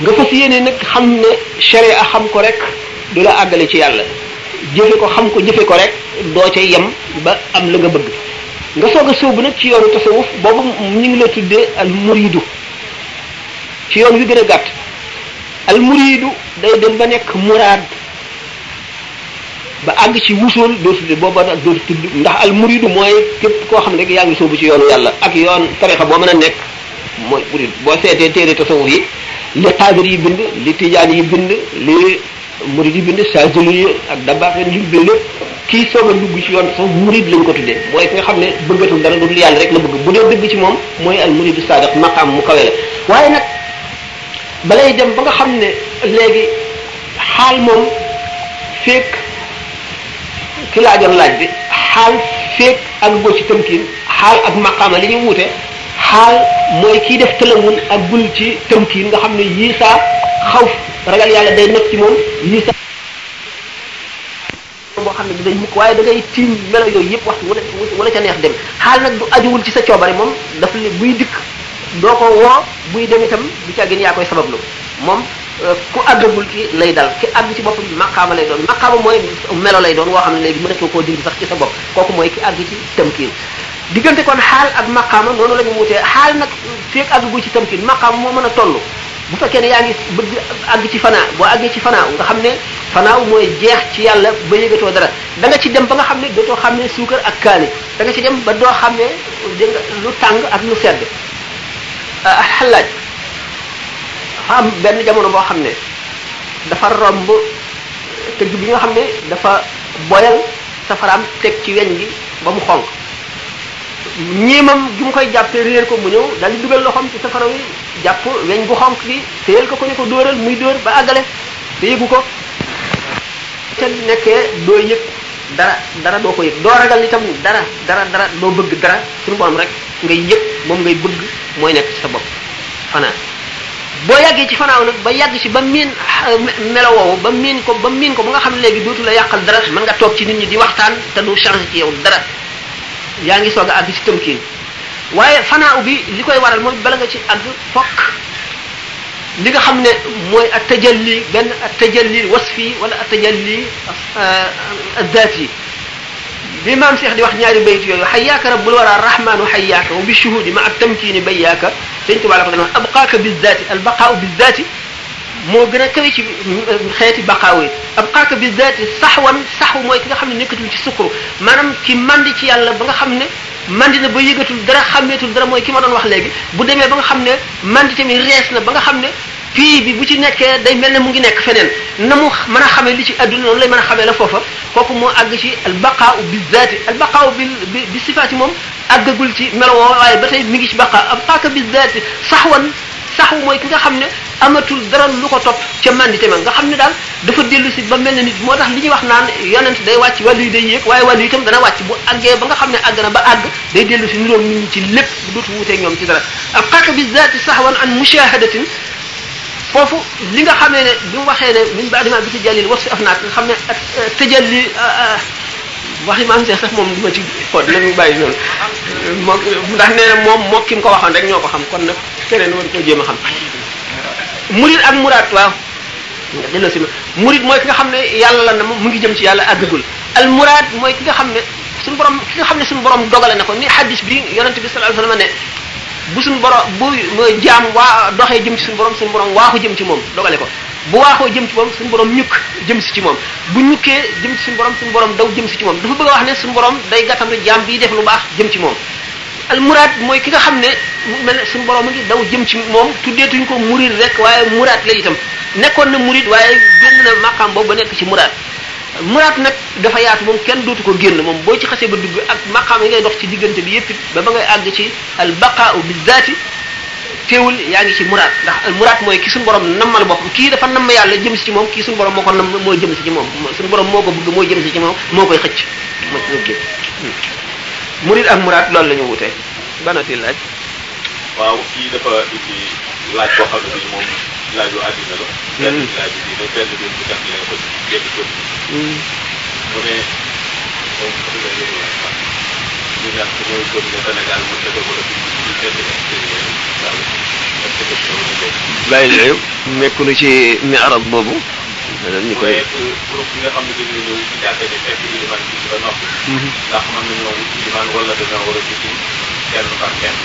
nga fas yéene nag xam ne sharia xam ko rek du la àggale ci yàlla jëfe ko xam ko jëfe ko rek doo ca yem ba am la nga bëgg nga soog a sóobu nag ci yoonu tasawuf boobu ñu ngi la tuddee al muridu ci yoon wi gën a gàtt al muridu day dem ba nekk muraad ba àgg ci wusool dootul booba nag dootul tudd ndax al muridu mooy képp koo xam ne rek yaa ngi sóobu ci yoonu yàlla ak yoon tarixa boo mën a nekk mooy murid boo seetee téere tasawuf yi li xaadir yi bind li tijaan yi bind li murid yi bind saa saajili yi ak dabaaxeen yi bind kii soog a dugg ci yoon tasawuf murid lañ ko tuddee mooy ki nga xam ne bëggatul dara dul yàlla rek la bëgg bu dee dëgg ci moom mooy al muridu saadiq maqaam mu kawe waaye nag balay dem ba nga xam ne léegi xaal kilo laajoon laaj bi xaal féeg ak góor ci tëmkiin xaal ak maqaama li ñuy wuute xaal mooy kii def tëlawun ak gu ci tëmkiin nga xam ne yii saa xaw ragal yàlla day nekk ci moom yii saa boo xam ne dina yëg waaye da ngay tiim melo yooyu yëpp wax wala wala ca neex dem xaal nag du ajuwul ci sa coobare moom daf buy dikk doo ko woo buy dem itam du càggin yaa koy sabablu moom ku àggagul ci lay dal ki àgg ci boppam maqaama lay doon maqaama mooy melo lay doon woo xam ne léegi mënatoo koo dindi sax ci sa bopp kooku mooy ki àgg ci tamkiin diggante kon xaal ak maqaama noonu la ñu wutee xaal nag feeg àggagul ci tamkiin maqaama moo mën a toll bu fekkee ne yaa ngi bëgg àgg ci fanaa boo àggee ci fanaa nga xam ne fanaaw mooy jeex ci yàlla ba yëgatoo dara danga ci dem ba nga xam ne dootoo xam ne suukar ak kaani danga nga ci dem ba doo xam ne lu tàng ak lu sedd ah, xalaaj am benn jamono boo xam ne dafa romb tëgg bi nga xam ne dafa boyal safaraam teg ci weñ gi ba mu xonq ñiimam gi mu koy jàppee réer ko mu ñëw dal di loxoom ci safara wi jàpp weñ bu xonq gi téyel ko ko ne ko dóoral muy dóor ba àggale te yëgu ko te nekkee doo yëg dara dara doo ko yëg doo ragal itam dara dara dara doo bëgg dara suñu borom rek ngay yëg moom ngay bëgg mooy nekk ci sa bopp fanaan boo yàggee ci fanaaw nag ba yàgg ci ba miin ah, melo woowu ba miin ko ba miin ko ba nga xam ne léegi dootu la yàqal dara mën nga toog ci nit ñi di waxtaan te du changé ci yow dara yaa ngi soog a àgg ci tëmkiin waaye fanaaw bi li koy waral mooy bala nga ci àgg fokk li nga xam ne mooy at tajalli benn at tajalli wasfi wala at tajalli ah, daat yi li maam Cheikh di wax ñaari bayt yooyu xayaaka rabbul wara rahmaanu xayaaka wa bi shuhudi ma ak tamkiini bayaaka sëñ Tuubaa la ko daan wax abqaaka bizaati albaqaau bizaati moo gën a kawe ci mm, xeeti baqaaw yi abqaaka bizaati saxwan saxu mooy ki nga xam ne nekkatul ci sukkur maanaam ki mandi ci yàlla ba nga xam ne mandi na ba yëgatul dara xàmmeetul dara mooy ki ma doon wax léegi bu demee ba nga xam ne mandi tamit rees na ba nga xam ne fii bi bu ci nekkee day mel ne mu ngi nekk feneen na mu mën a xamee li ci adduna noonu lay mën a xamee la foofa kooku moo àgg ci albaqaaw bi zaati albaqaaw bi bi sifaati moom àggagul ci melowoo waaye ba tey mi ngi ci baqaa albaqa bi zaati saxwan saxu mooy ki nga xam ne amatul dara lu ko topp ca mandite ma nga xam ne daal dafa dellu si ba mel ne nit moo ax li ñuy wax naan yonent day wàcc wàllu yi day yéeg waaye wàllu yi itam dana wàcc bu àggee ba nga xam ne àgg na ba àgg day dellu si niroog nit ñi ci lépp bu dootu wuuteeg ñoom ci dara albaqa bi zaati saxwan an foofu li nga xamee ne bi mu waxee ne min ba adima bi ci jàllil wax si af naat nga xam ak euh, tëjal li euh, euh, waxi maam Seex sax moom li ma ci xool la mu bàyyi noonu moo ndax moom moo ki mu ko waxoon rek ñoo ko xam kon nag keneen war koo jéem a xam murid ak muraad waaw delloo ma murid mooy ki nga xam ne yàlla lan na mu ngi jëm ci yàlla àggagul al muraad mooy ki nga xam ne suñu borom ki nga xam ne suñu borom dogale na ko ni hadis bi yonente bi sallallahu alayhi bu suñ borom bu jaam waa doxee jëm si suñu borom suñu borom waaxu jëm ci moom dogale ko bu waaxoo jëm ci moom suñu borom ñukk jëm si ci moom bu ñukkee jëm si suñu borom suñu borom daw jëm si ci moom dafa bëgg a wax ne suñu borom day gàttandu jaam bi def lu baax jëm ci moom almuraad mooy ki nga xam ne mel ne suñu borom a ngi daw jëm ci moom tuddeetuñ ko murid rek waaye muraad la itam nekkoon na murid waaye génn na maqaam boobu ba nekk ci muraad muraat nag dafa yaatu moom kenn dootu ko génn moom boo ci xasee ba dugg ak maqaam yi ngay dox ci diggante bi yépp ba ba ngay àgg ci al baqaau bi zaati teewul yaa ngi ci muraat ndax al muraat mooy ki suñu borom nammal boppam kii dafa namm yàlla jëm ci moom kii suñu borom moo ko namm moo jëm ci moom suñu borom moo ko bëgg moo jëm si ci moom moo koy xëcc moo ci nga génn murid ak muraat loolu la wutee wutee banati laaj waaw kii dafa di laaj boo xam ne moom laaju àddina la. Mm. benn bi laaju bii la benn bi bu tax ñu ko ci benn kër. mu ne moom xam nga yooyu laaj sax ñu naan su mooy góob ne Sénégal mu tëdd ko rek ñu tëdd extérieur daal parce que dafa war a béy. bàyyi yooyu nekk na ci mi arab boobu. danañ ñu koy groupe bi nga xam ne dañuy ñëw ci jàkka ji fekk iliman bi ba noppi. Mm-hmm. ndax mën nañoo wut iliman wala dañoo war a gis kenn par kenn.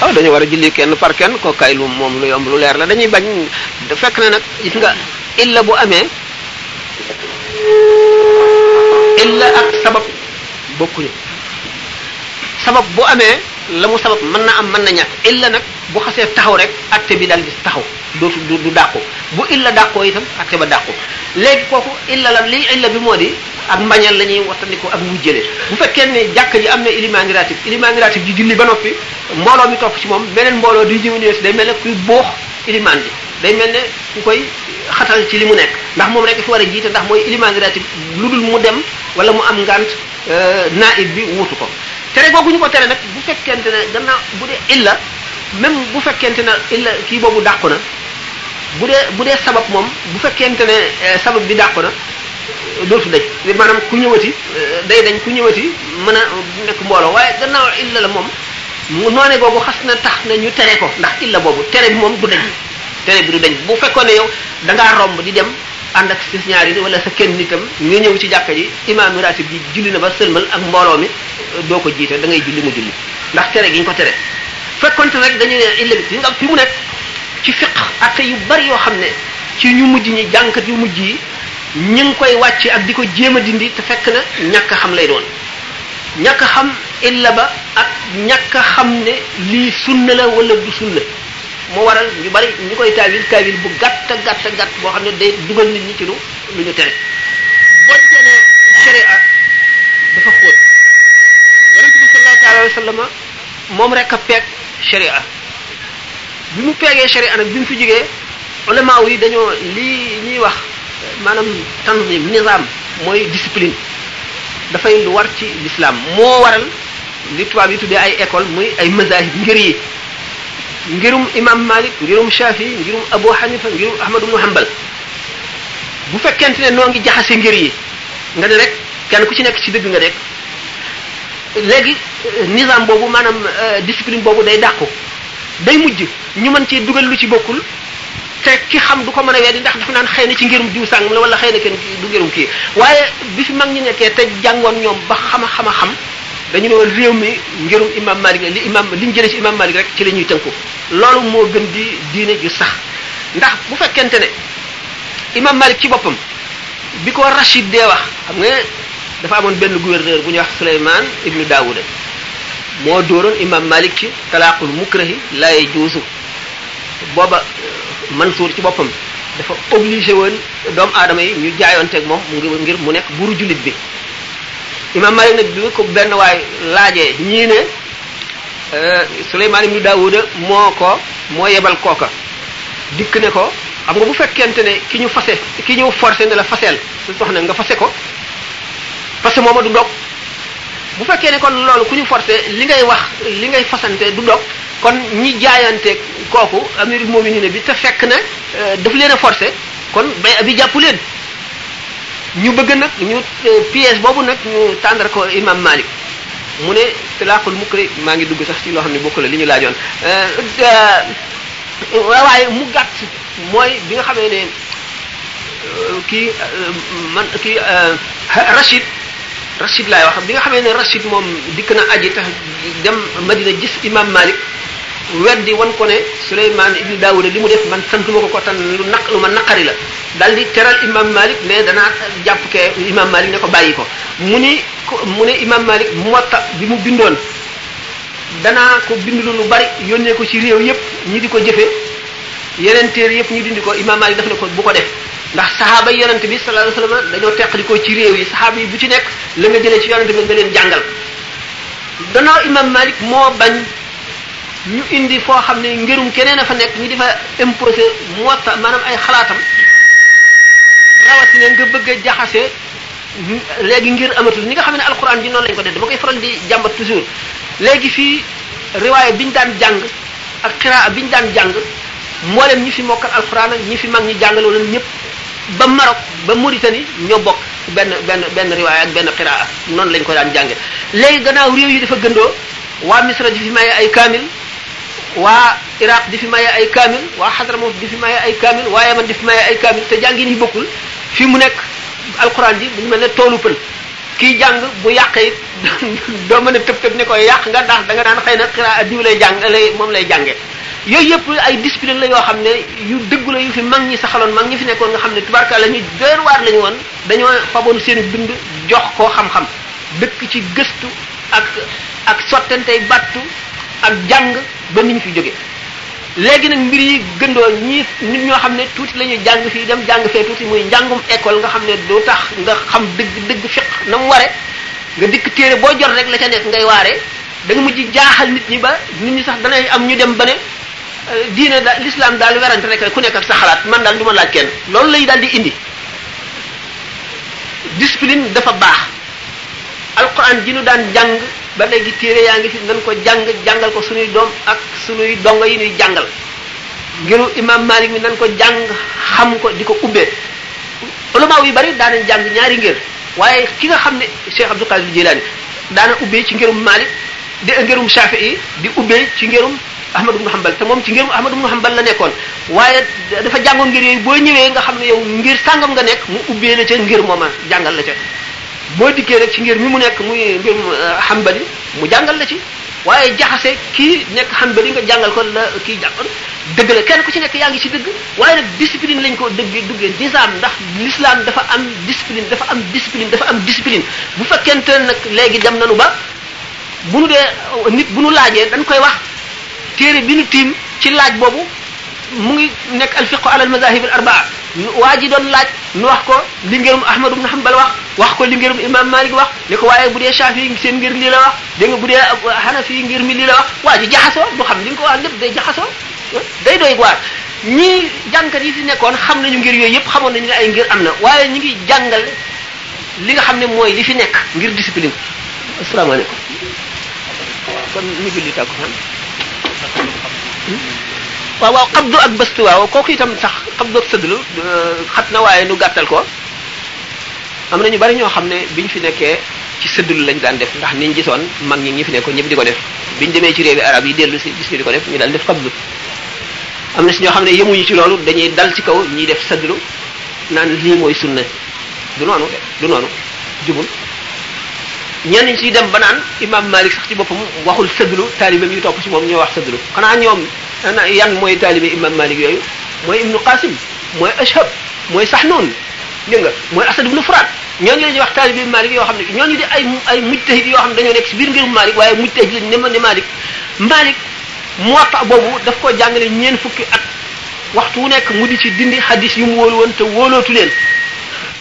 aw ah, dañu war a julli kenn par kenn ko kay lu moom lu yomb lu leer la dañuy bañ fekk na nag gis nga illa bu amee illa ak sabab bokkuñu sabab bu amee la mu sabab mën na am mën na ñàkk illa nag bu xasee taxaw rek acte bi daal di taxaw dootu du du dàqu bu illa dàqoo itam acte ba dàqu léegi kooku illa la lii illa bi moo di ak mbañal la ñuy wattandiku ak wujjale bu fekkee ne jàkk ji am na ilimaani ratib ilimaani ratib ji julli ba noppi mbooloo mi topp ci moom beneen mbooloo di ñëw ñëw si day mel ne kuy boox ilimaan bi day mel ne ku koy xatal ci li mu nekk ndax moom rek fi war a jiite ndax mooy ilimaani lu dul mu dem wala mu am ngant euh, naib bi wuutu ko tere googu ñu ko tere nag bu fekkente ne gannaaw bu dee illa même bu fekkente ne illa kii boobu dàqu na bu dee bu dee sabab moom bu fekkente ne eh, sabab bi dàqu na dootu dañ maanaam ku ñëwati eh, day dañ ku ñëwati mën a nekk mbooloo waaye gannaaw illa la moom noone googu xas na tax na ñu tere ko ndax illa boobu tere bi moom du dañ tere bi du dañ bu fekkoon ne yow dangaa ngaa romb di dem ànd ak sis ñaari ni wala sa kenn nitam nga ñëw ci jàkka ji imaam mi ratib julli na ba sëlmal ak mbooloo mi euh, doo ko jiite da ngay julli mu julli ndax tere gi ñu ko tere te rek dañu ne illami yi nga fi mu nekk ci fiq atte yu bari yoo xam ne ci ñu mujj ñi jànkat yu mujj yi ñu ngi koy wàcc ak di ko jéem a dindi te fekk na ñàkk xam lay doon ñàkk xam illa ba ak ñàkk xam ne lii sunna la wala du sunna mu waral ñu bari ñu koy taawil taawil bu gàtt gàtt gàtt boo xam ne day dugal nit ñi ci lu ñu tere bonte ne sharia dafa xóot yonent bi sallallahu alayhi wa sallam moom rek a peeg sharia bi mu peegee sharia nag bi mu fi jógee ulama yi dañoo lii ñuy wax maanaam tanzim nizam mooy discipline dafay lu war ci l'islam moo waral li tubaab yi tuddee ay école muy ay mazahib ngër yi ngirum imam malik ngirum shafii ngirum abu hanifa ngirum ahmad ibn hanbal bu fekkente ne noo ngi jaxase ngir yi nga ne rek kenn ku ci nekk ci dëgg nga nekk léegi euh, nizam boobu maanaam euh, discipline boobu day dàqu day mujj ñu man ci dugal lu ci bokkul te ki xam du ko mën a weddi ndax dafa naan xëy na ci ngirum diw sàng la wala xëy na kenn du ngirum kii waaye bi fi mag ñi nekkee te jàngoon ñoom ba xama xama xam dañu ne woon réew mi ngirum imam Malik li imam li ñu jëlee ci imam Malik rek ci la ñuy tënku loolu moo gën di diine ju sax ndax bu fekkente ne imam Malik ci boppam bi ko Rachid dee wax xam nga dafa amoon benn gouverneur bu ñuy wax Suleyman ibnu Daawuda moo dooroon imam Malik ci talaaqul mukrahi lay juusu booba euh, Mansour ci boppam dafa obligé woon doomu aadama yi ñu jaayoonteeg moom ngir mu nekk buuru jullit bi imam Malik nag bi ko benn waay laajee ñii ne euh, Suleymaan ibnu Daawuda moo ko moo yebal kooka dikk ne ko xam nga bu fekkente ne ki ñu fase ki ñu forcé ne la faseel su soxna nga fase ko parce que mooma du dog bu fekkee ne kon loolu ku ñu forcé li ngay wax li ngay fasante du dog kon ñi jaayante kooku amirul mu'minin bi te fekk na euh, daf leen a forcé kon bay abi jàpp leen ñu bëgg nag ñu euh, pièce boobu nag ñu tàndar ko imam Malik mu ne talaaqul mukri maa ngi dugg sax ci loo xam ne bokku la li ñu laajoon euh, euh, waaye mu gàtt mooy bi nga xamee ne kii man kii Rachid Rachid laay wax bi nga xamee ne Rachid moom dikk na aji tax dem Madina gis imam Malik weddi wan ko ne Suleymaan ibnu Daawuda li mu def man santuma ko ko tan lu naq lu ma naqari la dal di teral imam Malik mais danaa jàpp kee imam Malik ne ko bàyyi ko mu ni mu ne imam Malik Muwatta bi mu bindoon danaa ko bind lu bari yónnee ko ci réew yépp ñi di ko jëfe yeneen téere yépp ñu dindi ko imam Malik daf ne ko bu ko def ndax saxaaba yonent bi sallallahu alayhi dañoo teqali ko ci réew yi saxaaba yi bu ci nekk la nga jëlee ci yonent bi nga leen jàngal danaa imam Malik moo bañ ñu indi foo xam ne ngirum keneen a fa nekk ñu di fa imposé motta maanaam ay xalaatam rawatina nga bëgg a jaxase léegi ngir amatul ñi nga xam ne alxuraan ji noonu lañ ko def dama koy faral di jàmbat toujours léegi fii riwaaya bi ñu daan jàng ak xiraa bi ñu daan jàng mboolem ñi fi mokkal alxuraan ak ñi fi mag ñi jàngale woon ñëpp ba Maroc ba Mauritanie ñoo bokk benn benn benn riwaaya ak benn xiraa noonu lañ ko daan jànge léegi gannaaw réew yi dafa gëndoo waa Misra di fi maye ay kaamil waa iraq di fi maye ay kaamil waa xadramoof di fi maye ay kaamil waa yaman di fi maye ay kaamil te jàngin yi bokkul fi mu nekk alquran ji bu ñu mel ne toolu pël kii jàng bu yàqee it doo mën a tëb tëb ne koy yàq nga ndax da nga naan xëy na xiraa diw lay jàng lay moom lay jàngee yooyu yëpp ay discipline la yoo xam ne yu dëggula la yu fi mag ñi xaloon mag ñi fi nekkoon nga xam ne tubarka la ñu waar la ñu woon dañoo faboon seen dund jox koo xam-xam dëkk ci gëstu ak ak sottantey ak jàng ba niñ fi jógee léegi nag mbir yi gëndoo ñii nit ñoo xam ne tuuti la ñuy jàng fii dem jàng fee tuuti muy njàngum école nga xam ne du tax nga xam dëgg dëgg fiq na mu ware nga dikk téere boo jot rek la ca nekk ngay waaree da nga mujj jaaxal nit ñi ba nit ñi sax danay am ñu dem ba ne euh, diine da l'islam daal werante rek ku nekk ak sa xalaat man daal du ma laaj kenn loolu lay daal di indi discipline dafa baax alquran ji nu daan jàng ba léegi téere yaa ngi fi nan ko jàng jàngal ko suñuy doom ak suñuy dongo yi nuy jàngal ngiru imam malik mi nan ko jàng xam ko di ko ubbee ulama yi bari daanañ jàng ñaari ngir waaye ki nga xam ne Cheikh Abdul Qadir Jilani daana ubbee ci ngirum malik di ngirum i di ubbee ci ngirum Ahmad ibn Hanbal te moom ci ngirum Ahmad ibn Hanbal la nekkoon waaye dafa jàngoon ngir yooyu boo ñëwee nga xam ne yow ngir sàngam nga nekk mu ubbee la ca ngir mooma jàngal la ca boo dikkee rek ci ngir mi mu nekk muy mbir xambali euh, mu jàngal la ci waaye jaxase kii nekk xambali nga jàngal ko la kii jàngal dëgg la kenn ku ci nekk yaa ngi ci dëgg waaye nag discipline lañ ko dëgg duggee nizaam ndax l'islam dafa am discipline dafa am discipline dafa am discipline bu fekkente nag léegi dem nanu ba bu nu dee nit bu nu laajee dañ koy wax téere bi nu tiim ci laaj boobu mu ngi nekk alfiqu ala almadahib al arbaa waa ji doon laaj nu wax ko li ngërum ahmad ibn hanbal wax wax ko li ngërum imam malik wax ne ko waaye bu dee shafi seen ngir lii la wax dégg nga hanafi ngir mi lii la wax waa ji jaxasoo du xam li nga ko wax lépp day jaxasoo day doy waar ñii jàngkat yi fi nekkoon xam nañu ngir yooyu yëpp xamoon nañu ne ay ngir am na waaye ñu ngi jàngal li nga xam ne mooy li fi nekk ngir discipline asalaamaaleykum kon ñu julli tàkkusaan hmm? waaw waaw xabdu ak bëstu waaw kooku itam sax xabdu ak sëglu euh, xat na waaye nu gàttal ko am na ñu bari ñoo xam ne bi ñu fi nekkee ci sëddulu lañ daan def ndax niñ gisoon mag ñi ñi fi nekkoon ñëpp di ko def biñ demee ci réewi arab yi dellu si gis ñu di ko def ñu daal def xabdu am na si ñoo xam ne yemuñu ci loolu dañuy dal ci kaw ñiy def sëddlu naan lii mooy sunna du noonu du noonu jubul ñenn ñi ciy dem ba naan imam Malik sax ci boppam waxul sëglu taalibeem yu topp ci moom ñoo wax sëglu xanaa ñoom yan mooy taalibe imam Malik yooyu mooy ibnu Qasim mooy Ashhab mooy Sahnun dégg nga mooy Asad ibnu Furaat ñooñu la ñuy wax taalibe Malik yoo xam ne ñooñu di ay ay mujtahid yoo xam ne dañoo nekk ci biir ngirum Malik waaye mujtahid lañ ne ma ne Malik Malik boobu daf koo jàngale ñeen fukki at waxtu wu nekk mu di ci dindi hadis yu mu wóolu woon te wóolootu leen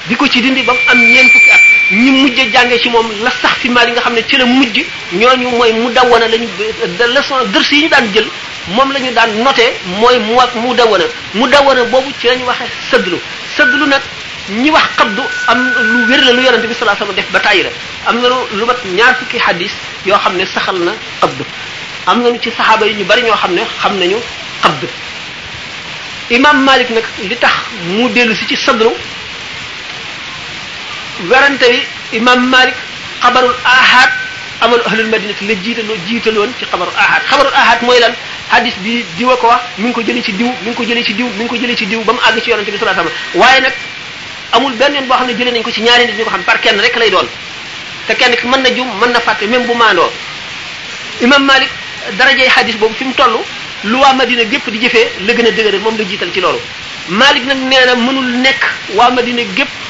di ko ci dindi ba am ñeen fukki at ñi mujj a ci moom la sax fi maal yi nga xam ne ci la mujj ñoo ñu mooy mu dawana lañu leçon dërs yi ñu daan jël moom la ñu daan noté mooy mu wax mu dawana mu dawana boobu ci la ñu waxee sëddlu lu nag ñi wax xabdu am lu wér la lu yonente bi sallallahu alayhi wasallam def ba tàyyi la am na lu mat ñaar fukki xadis yoo xam ne saxal na xabdu am nañu ci saxaaba yi ñu bari ñoo xam ne xam nañu xabdu imam malik nag li tax mu dellu si ci sadru werante yi imam malik xabarul ahad amal ahlul ti la jiitaloo jiitaloon ci xabarul ahad xabarul ahad mooy lan hadis bi diwa ko wax mi ngi ko jëlee ci diw mi ngi ko jëlee ci diw mi ngi ko jëlee ci diw ba mu àgg ci yonente bi sallallahu alayhi waaye nag amul benn yoon boo xam ne jëlee nañ ko ci ñaari nit ñu ko xam par kenn rek lay doon te kenn ki mën na jum mën na fàtte même bu maandoo imam malik darajey hadis boobu fi mu toll lu waa madina gépp di jëfee la gën a dëgëral moom la jiital ci loolu malik nag nee na mënul nekk waa madina gépp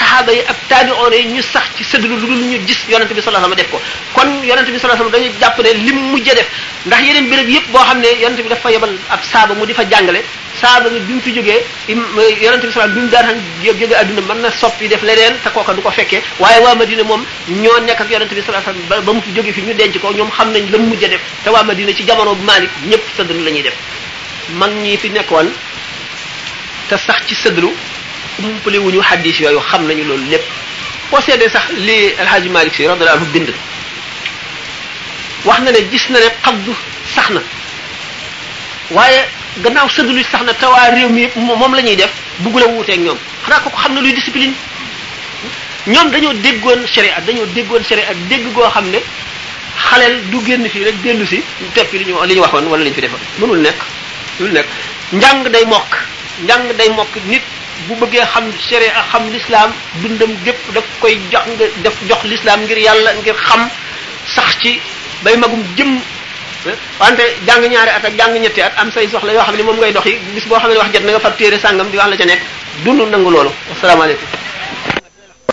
saxaaba yi ak taabi'oon yi ñu sax ci sëdlu lu dul ñu gis yonente bi sallallahu alayhi wasallam def ko kon yonente bi sallallahu alayhi wasallam dañu jàpp ne lim mujj a def ndax yeneen béréb yépp boo xam ne yonente bi dafa yebal ab saaba mu di fa jàngale saaba bi bi mu fi jógee bi sallallahu bi mu daan jóge adduna mën na soppi def leneen te kooka du ko fekkee waaye waa Madina moom ñoo nekk ak yonente bi sallallahu alayhi wasallam ba mu fi jóge fi ñu denc ko ñoom xam nañ la mujj a def te waa Madina ci jamono bu Maalik ñëpp sëdlu la ñuy def mag ñii fi nekkoon te sax ci sëdlu umpale wuñu si yooyu xam nañu loolu lépp boo seedee sax li alxaaji Malik si radiyallahu anhu bind wax na ne gis na ne xabdu sax na waaye gannaaw sëdd luy sax na tawaa réew mi moom la ñuy def buggula wuuteeg ñoom xanaa ko xam na luy discipline ñoom dañoo déggoon sharia dañoo déggoon sharia dégg goo xam ne xaleel du génn fii rek dellu si teppi li ñu li ñu waxoon wala li ñu fi defoon mënul nekk mënul nekk njàng day mokk njàng day mokk nit bu bëggee xam séré ak xam l'islam dundam gépp daf koy jox nga daf jox l'islam ngir yàlla ngir xam sax ci bay magum jëm wante jàng ñaari at ak jàng ñetti at am say soxla yoo xam ne moom ngay dox yi bis boo xam ne wax jot na nga fab téere sàngam di wax la ca nekk dund nangu loolu asalaamaaleykum